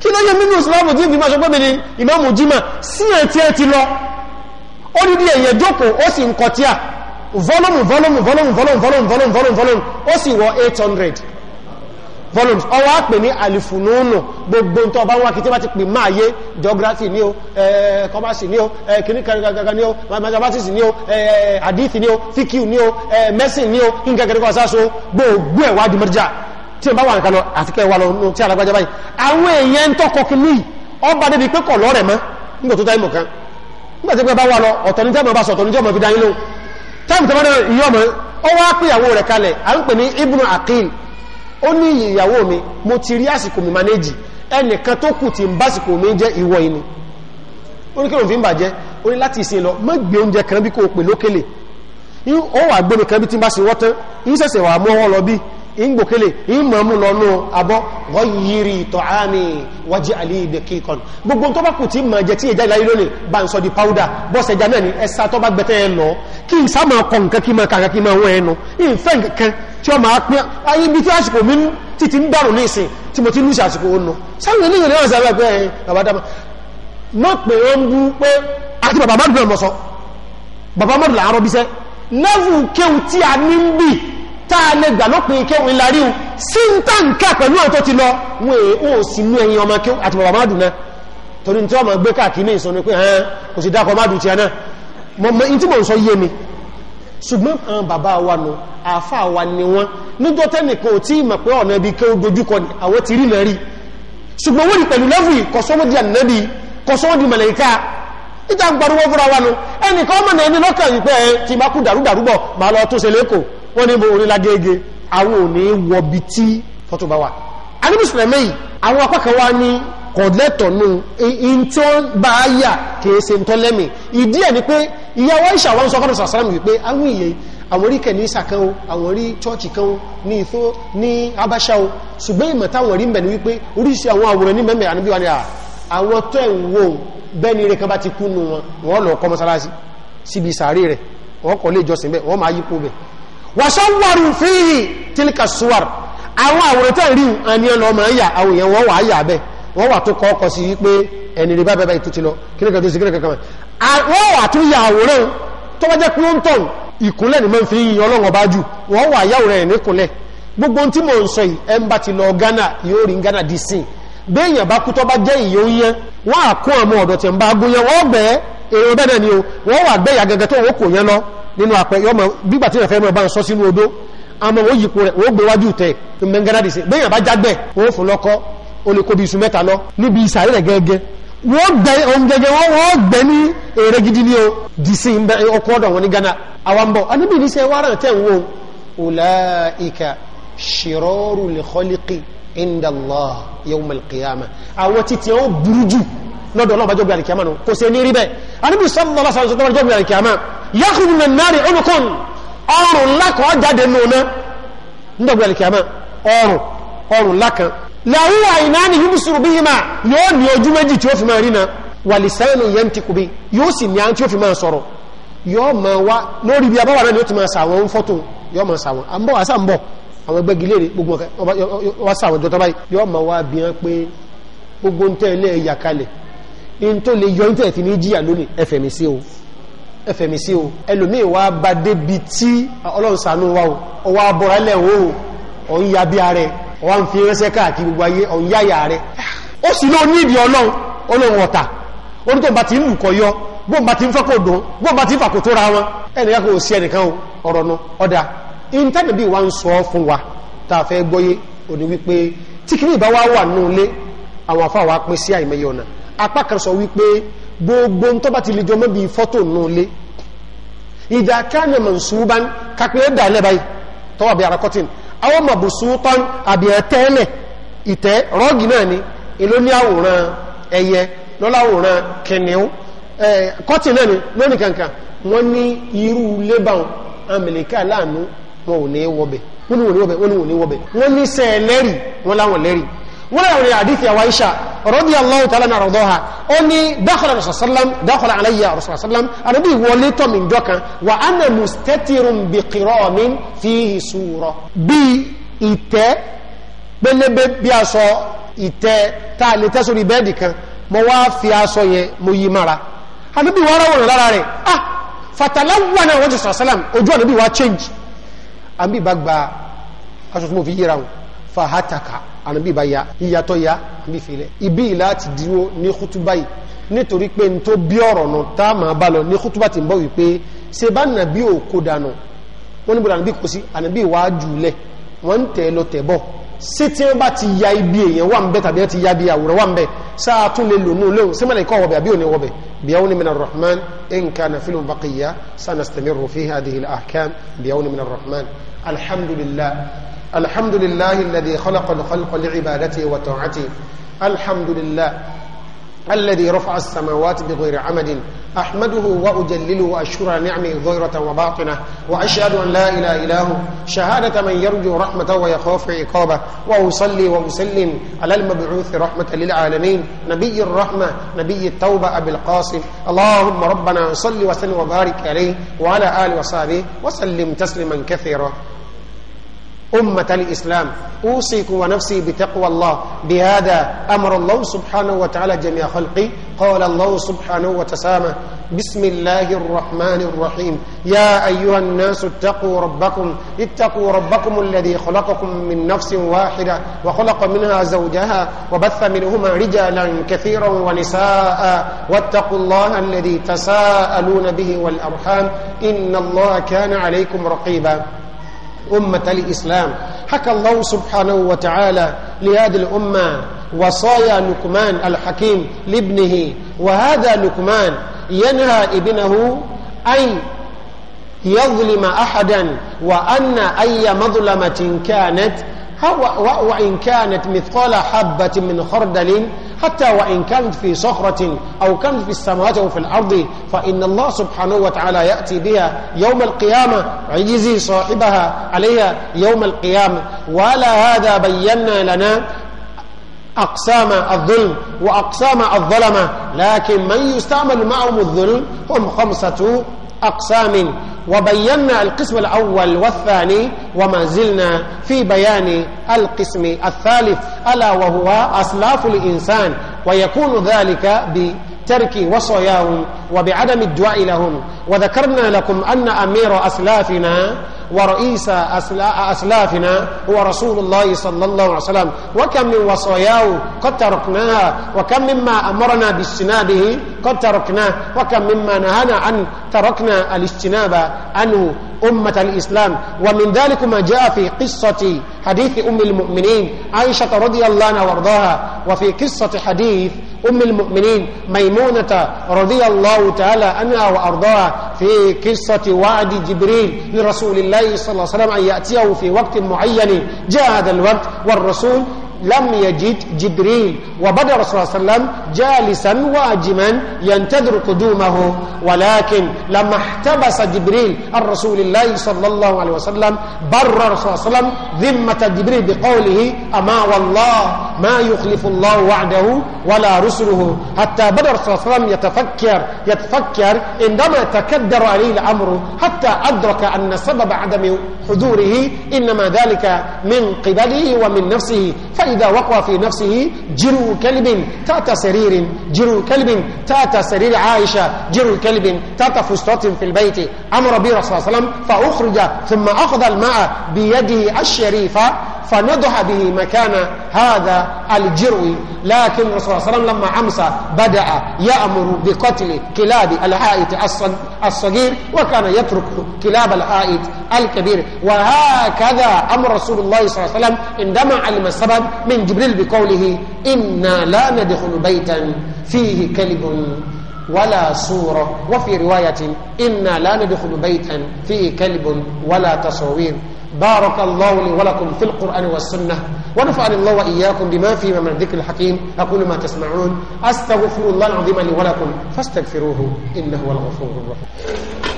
kí ló yẹ mímú ìsìláàmù tí ìfìmọ̀ ṣọgbọ́n mi ni ìmáàmù jímà sí ẹ̀tí ẹ̀ ti lọ ó ní díẹ̀ yẹ jókòó ó sì ń kọtíà volume volume volume volume volume volume volume volume ó sì wọ 800 volumes ọwọ́ àpè ní àlìfùnúnù gbogbo tó ọba ń wá kìtí bá ti pè máa yé geography ní o commerce ní o kìnní kankankan ní o mathematics ní o hadith ní o fikiu ní o medicine ní o nǹkan kẹrẹkọ sáso gbogbo ẹ̀wà dìmọ́jà tí n bá wà nǹkan lọ àti kẹ́ lọ nù tí alágbájá báyìí àwọn èèyàn ń tọkọ kìíní ọba débi pé kọ̀ lọ́rẹ̀ mọ́ nígbà tó táìmù kan nígbà tí pé bá wà lọ ọ̀tọ̀ ní tẹ́mọ̀ bá sọ̀tọ̀ ní fi dáyín lóhun táìmù tẹ́mọ̀ náà ìyá ọmọ wá pé ìyàwó rẹ̀ kalẹ̀ à ń pè ní akil mi mi ìgbòkèlè ìmọ̀mú lọ́nú abọ́ gọ́yìírì tọ̀hámi wájí àlìbẹ̀ kíkan gbogbo tó bá kù tí mọ̀ jẹ́ tí ẹja ìlàrí lónìí bá ń sọ di pàwùdà bọ́sẹ̀ ẹja náà ni ẹsà tó bá gbẹ̀tẹ̀ ẹ lọ kí n sá máa kọ nǹkan kí máa kàkà kí ma, wọ ẹnu ìfẹ́ nǹkan tí ó máa pín ayé ibi tí àsìkò mi a ní táa lè gbà lópin kéwìn larí o sí ń tà ń ká pẹ̀lú ọ̀tọ́ ti lọ wọ́n èé ó sì mú ẹ̀yìn ọmọ àti bàbá mádùn náà torí ni pé ẹ̀hán kò sì dákọ̀ mádùn ti ẹ̀ náà mọ̀ mọ̀ tí mò ń sọ yé mi ṣùgbọ́n àwọn bàbá wa nù àáfà wa ni wọ́n níjọ́ tẹ́nìkan ò tí ì mọ̀ pé ọ̀nà ibi kéwìn dojúkọ ni àwọn ti rí náà rí ṣùgbọ́n wọ́n rí pẹ̀lú lẹ́fù kọ̀sọ́mọ́dì ànábì kọ̀sọ́mọ́dì màláíkà níta ń ẹnìkan ọmọ náà ẹni lọ́kàn yìí pé ẹ má kú dàrúdàrúbọ̀ má lọ tún ṣe lẹ́kọ̀ọ́ wọ́n ní bo orílágége àwọn ò ní wọbi tí fọ́tò bá wà alimùsùlẹ̀mẹ́ yìí àwọn apákan wá ní kọ̀lẹ́tọ̀ nù in tí wọ́n bá a yà kìí ṣe ntọ́ lẹ́mì ìdí ẹ̀ ni pé ìyàwó ìṣà wọn sọ àwọn orí kẹ̀nísà kan o àwọn orí chọ́ọ̀chì kan o ní ìfó ní abáṣá o ṣùgbọ́n ìmọ̀ táwọn orí mbẹ̀ ni wípé oríṣi àwọn àwòrán ní mẹ́mẹ́ àníbí wa ni àwọn tó ẹ̀ ń wo bẹ́ẹ̀ ni ìrẹ̀kan bá ti kú nu wọn wọ́n lọ kọ́ mọ́sálásí síbi ìsàárè rẹ̀ wàṣọ́wọ́rù fíhì tílíkà suwar àwọn àwòrán tẹ́ rí ẹni ẹlọ ọmọ ẹ̀yà àwọn èèyàn wọ́n wà á yà bẹ́ wọ́n wà tó kọ́ọ̀kọ́ sí wípé ẹni rí ti lọ kíníkà tó sì kíníkà kan wọ́n wà tó yà àwòrán tó bá jẹ́ pé ó ń tàn ìkúnlẹ̀ ni ọba jù wọ́n wà yà òrẹ́ ẹ̀ní kúnlẹ̀ gbogbo tí ń sọ yìí ẹ̀ ń bá ti lọ yóò rí bá kú tó bá jẹ́ wọ́n kún àmọ́ ọ̀dọ̀ ń bá èrò bẹ́ẹ̀ ni o wọ́n wà gbẹ́yà gẹ́gẹ́ tó wọ́n kò yẹn lọ nínú àpẹ yọmọ gbígbà tí ìrẹ̀fẹ́ mọ̀ bá ń sọ sínú odó àmọ́ wọ́n yípo rẹ̀ wọ́n gbé wájú tẹ̀ mẹ́ngẹ́rẹ́dì sí bẹ́yàn bá jágbẹ́ wọ́n fún lọ́kọ́ o lè kó bí iṣu mẹ́ta lọ níbi ulaika shiraru li khaliqi inda Allah yawm al-qiyamah àwọn títí wọn burú jù lọ́dọ̀ ọlọ́ba jọ́gbé alìkìyàmá nù kò sí ní rí bẹ́ẹ̀ anábì sọ́mọ́ lọ́sọ̀rọ̀ sọ́tọ́ jọ́gbé alìkìyàmá yàkùnrin nà nàárì olùkọ́n ọrùn lákọ̀ jáde nùnà ndọ́gbé alìkìyàmá ọrùn ọrùn lákan làwúwà ìnáni yúbùsùrù bí yìmá yóò ní ojú méjì tí ó fi máa rí na wàlìsẹ́nu yẹn ti kùbí yóò sì ní àwọn ó fi máa sọ̀rọ̀ yóò máa wá lórí bí náà ni ó ti máa sàwọn fọ́tò yóò ma sàwọn àṣà ń bọ̀ àwọn ẹgbẹ́ gilé rẹ̀ gbogbo sàwọn báyìí yóò wá bí wọn pé gbogbo ń tẹ́ in tó lè yọ ní tẹ̀ẹ̀tì ní jíyà lónìí ẹfẹ̀mí o ẹfẹ̀mí o ẹlòmíì wá bá débi tí ti ṣàánú o ọwọ́ abọ́ra ẹlẹ̀ o ọ̀n ya bí ààrẹ ọwọ́ ń fi rẹ́sẹ́ káàkiri gbogbo ayé ọ̀n yá ìyá rẹ ó sì ló ní ìdí ọlọ́run ọlọ́run ọ̀tà orí bá ti ń yọ bá ti o ọ̀rọ̀ nu ọ̀dà intanet ń sọ fún wa tá a fẹ́ gbọ́yé òní wípé ìbá wa wà nù lé àwọn pín apá kan sọ wípé gbogbo tó bá ti lè jọmọ́ bí fọ́tò nù lé ìdá kánà mansuban kápẹ́ ẹ̀dà lẹ́bàáyì tọ́wọ́ bí ara kọ́tìn àwọn mabsutan àbí ẹ̀tẹ́lẹ̀ ìtẹ́ rọ́ọ̀gì náà ni èló ní àwòrán ẹyẹ lọ́láwòrán kẹnìún kọ́tìn náà ni lónìí kankan wọ́n ní irú lébàun amẹ̀lẹ́kà láàánú wọn ò ní wọ́bẹ̀ wọ́n ní wọ́bẹ̀ wọ́n rẹ̀ rẹ̀ àdífì àwọn Aisha radiyallahu ta'ala na rọ̀dọ́ha ó ní dákọ̀lá rọ̀sọ̀sọ́lám dákọ̀lá aláyà rọ̀sọ̀sọ́lám àdúgbò ìwọlé tọ́mì jọkan wà á nà mustatirun bí kìrọ̀ mi fi ìṣúrọ̀ bí ìtẹ́ pélébé bí aṣọ ìtẹ́ tá a lè tẹ́sórí bẹ́ẹ̀dì kan mo wá fi aṣọ yẹn mo yí mara àdúgbò ìwọ́n ráwọ̀n lára rẹ̀ ah fatalawa náà wọ́n ti sọ̀sọ́lám ànàbí bá ya yíyatọ́ ya àbí filẹ̀ ibi láti dúró ní kútúbá yìí nítorí pé n tó bí ọ̀rọ̀ nù tá a máa bá lọ ní kútúbá ti ń bọ̀ wípé ṣe bá nàbí òkú dànù wọ́n níbo ànàbí kò sí ànàbí ìwájú lẹ̀ wọ́n ń tẹ̀ lọ tẹ̀ bọ̀ sí ti ya ibi èèyàn wà ń bẹ́ tàbí ti ya bí àwòrán wà ń bẹ́ sáà tún lè lò nù lóhùn símọ́lẹ̀ ikọ̀ wọ̀bẹ̀ àbí òní wọ̀bẹ̀ بعون من الرحمن إن كان فيلم بقية سنستمر في هذه الأحكام بعون من الرحمن الحمد لله الحمد لله الذي خلق الخلق لعبادته وطاعته الحمد لله الذي رفع السماوات بغير عمد أحمده وأجلله وأشكر نعمه ظاهرة وباطنة وأشهد أن لا إله إلا هو شهادة من يرجو رحمة ويخاف عقابه وأصلي وأسلم على المبعوث رحمة للعالمين نبي الرحمة نبي التوبة أبي القاسم اللهم ربنا صل وسلم وبارك عليه وعلى آله وصحبه وسلم تسليما كثيرا أمة الإسلام أوصيك ونفسي بتقوى الله بهذا أمر الله سبحانه وتعالى جميع خلقي قال الله سبحانه وتسامى بسم الله الرحمن الرحيم يا أيها الناس اتقوا ربكم اتقوا ربكم الذي خلقكم من نفس واحدة وخلق منها زوجها وبث منهما رجالا كثيرا ونساء واتقوا الله الذي تساءلون به والأرحام إن الله كان عليكم رقيبا أمة الإسلام حكى الله سبحانه وتعالى لهذه الأمة وصايا لقمان الحكيم لابنه وهذا لقمان ينهى ابنه أن يظلم أحدا وأن أي مظلمة كانت هو وإن كانت مثقال حبة من خردل حتى وإن كانت في صخرة أو كانت في السماوات أو في الأرض فإن الله سبحانه وتعالى يأتي بها يوم القيامة عجزي صاحبها عليها يوم القيامة ولا هذا بينا لنا أقسام الظلم وأقسام الظلمة لكن من يستعمل معهم الظلم هم خمسة أقسام وبينا القسم الأول والثاني وما زلنا في بيان القسم الثالث ألا وهو أسلاف الإنسان ويكون ذلك بترك وصاياهم وبعدم الدعاء لهم وذكرنا لكم أن أمير أسلافنا ورئيس أسلافنا هو رسول الله صلى الله عليه وسلم وكم من وصاياه قد تركناها وكم مما أمرنا باجتنابه قد تركناه وكم مما نهانا عن تركنا الاجتناب عنه أمة الإسلام ومن ذلك ما جاء في قصة حديث أم المؤمنين عائشة رضي الله عنها وارضاها وفي قصة حديث أم المؤمنين ميمونة رضي الله تعالى عنها وأرضاها في قصة وعد جبريل لرسول الله صلى الله عليه وسلم أن يأتيه في وقت معين جاء هذا الوقت والرسول لم يجد جبريل وبدأ الرسول صلى الله عليه وسلم جالسا واجما ينتظر قدومه ولكن لما احتبس جبريل الرسول الله صلى الله عليه وسلم بر الرسول صلى الله عليه وسلم ذمة جبريل بقوله أما والله ما يخلف الله وعده ولا رسله حتى بدأ الرسول صلى الله عليه وسلم يتفكر يتفكر عندما تكدر عليه الأمر حتى أدرك أن سبب عدم حضوره إنما ذلك من قبله ومن نفسه إذا وقع في نفسه جرو كلب تأتى سرير جرو كلب تأتى سرير عائشة جرو كلب تأتى فستات في البيت أمر به رسول الله صلى الله عليه وسلم فأخرج ثم أخذ الماء بيده الشريفة فنضح به مكان هذا الجرو لكن رسول الله صلى الله عليه وسلم لما أمسى بدأ يأمر بقتل كلاب الحائط الصغير وكان يترك كلاب الحائط الكبير وهكذا أمر رسول الله صلى الله عليه وسلم عندما علم السبب من جبريل بقوله إنا لا ندخل بيتا فيه كلب ولا صورة وفي رواية إنا لا ندخل بيتا فيه كلب ولا تصوير بارك الله لي ولكم في القرآن والسنة ونفعني الله وإياكم بما فيما من الذكر الحكيم أقول ما تسمعون أستغفر الله العظيم لي ولكم فاستغفروه إنه هو الغفور الرحيم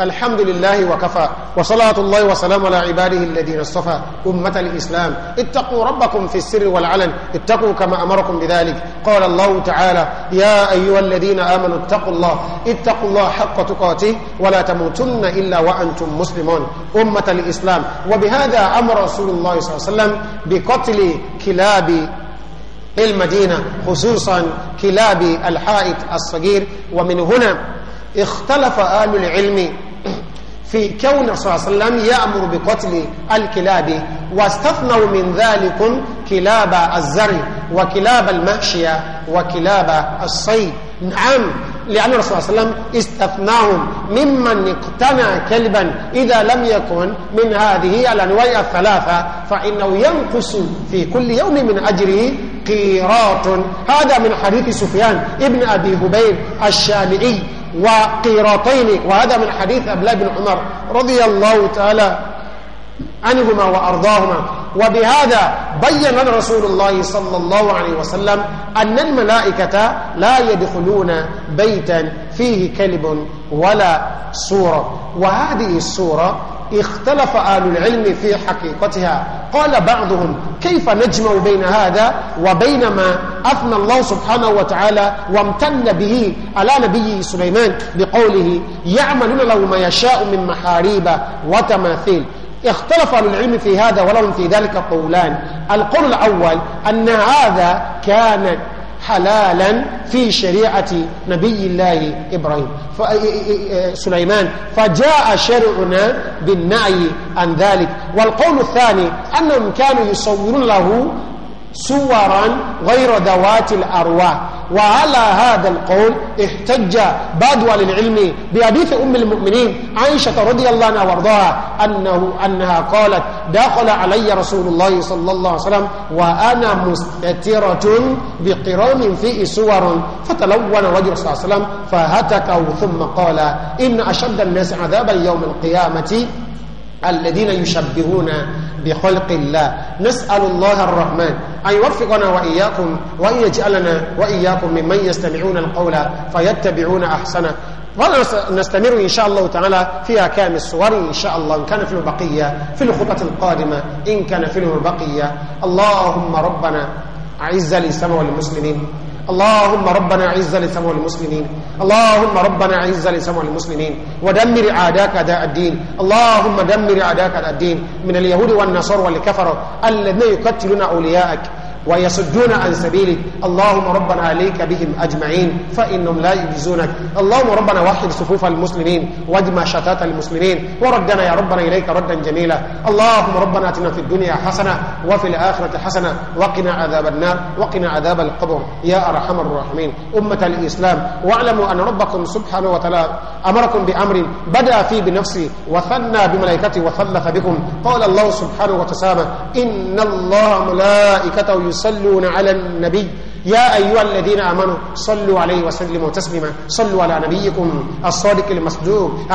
الحمد لله وكفى وصلاة الله وسلام على عباده الذين اصطفى أمة الإسلام اتقوا ربكم في السر والعلن اتقوا كما أمركم بذلك قال الله تعالى يا أيها الذين آمنوا اتقوا الله اتقوا الله حق تقاته ولا تموتن إلا وأنتم مسلمون أمة الإسلام وبهذا أمر رسول الله صلى الله عليه وسلم بقتل كلاب المدينة خصوصا كلاب الحائط الصغير ومن هنا اختلف آل العلم في كون صلى الله عليه وسلم يأمر بقتل الكلاب واستثنوا من ذلك كلاب الزر وكلاب الماشية وكلاب الصيد نعم لأن الرسول صلى الله عليه وسلم استثناهم ممن اقتنى كلبا إذا لم يكن من هذه الأنواع الثلاثة فإنه ينقص في كل يوم من أجره قيراط هذا من حديث سفيان ابن أبي هبير الشامعي وقيرتين وهذا من حديث أبلا بن عمر رضي الله تعالى عنهما وأرضاهما وبهذا بين رسول الله صلى الله عليه وسلم أن الملائكة لا يدخلون بيتا فيه كلب ولا صورة وهذه الصورة اختلف آل العلم في حقيقتها قال بعضهم كيف نجمع بين هذا وبين ما أثنى الله سبحانه وتعالى وامتن به على نبي سليمان بقوله يعملون له ما يشاء من محاريب وتماثيل اختلف أهل العلم في هذا ولهم في ذلك قولان القول الأول أن هذا كان حلالا في شريعة نبي الله إبراهيم سليمان فجاء شرعنا بالنعي عن ذلك والقول الثاني أنهم كانوا يصورون له صورا غير ذوات الأرواح وعلى هذا القول احتج بعض اهل العلم بحديث أم المؤمنين عائشة رضي الله عنها وارضاها أنه أنها قالت دخل علي رسول الله صلى الله عليه وسلم وأنا مستترة بقران فيه سور فتلون وجه صلى الله عليه وسلم فهتكه ثم قال إن أشد الناس عذابا يوم القيامة الذين يشبهون بخلق الله نسأل الله الرحمن أن يوفقنا وإياكم وأن يجعلنا وإياكم ممن يستمعون القول فيتبعون أحسنه ونستمر إن شاء الله تعالى في أكام الصور إن شاء الله إن كان في البقية في الخطة القادمة إن كان في البقية اللهم ربنا أعز الإسلام والمسلمين اللهم ربنا عز لسمع المسلمين اللهم ربنا عز لسمع المسلمين ودمر عاداك داء الدين اللهم دمر عاداك داء الدين من اليهود والنصارى والكفر الذين يقتلون أولياءك ويصدون عن سبيلك اللهم ربنا عليك بهم أجمعين فإنهم لا يجزونك اللهم ربنا وحد صفوف المسلمين واجمع شتات المسلمين وردنا يا ربنا إليك ردا جميلا اللهم ربنا اتنا في الدنيا حسنة وفي الآخرة حسنة وقنا عذاب النار وقنا عذاب القبر يا أرحم الراحمين أمة الإسلام واعلموا أن ربكم سبحانه وتعالى أمركم بأمر بدأ فيه بنفسه وثنى بملائكته وثلث بكم قال الله سبحانه وتسامى إن الله ملائكته يصلون على النبي يا أيها الذين آمنوا صلوا عليه وسلموا تسليما صلوا على نبيكم الصادق المصدوق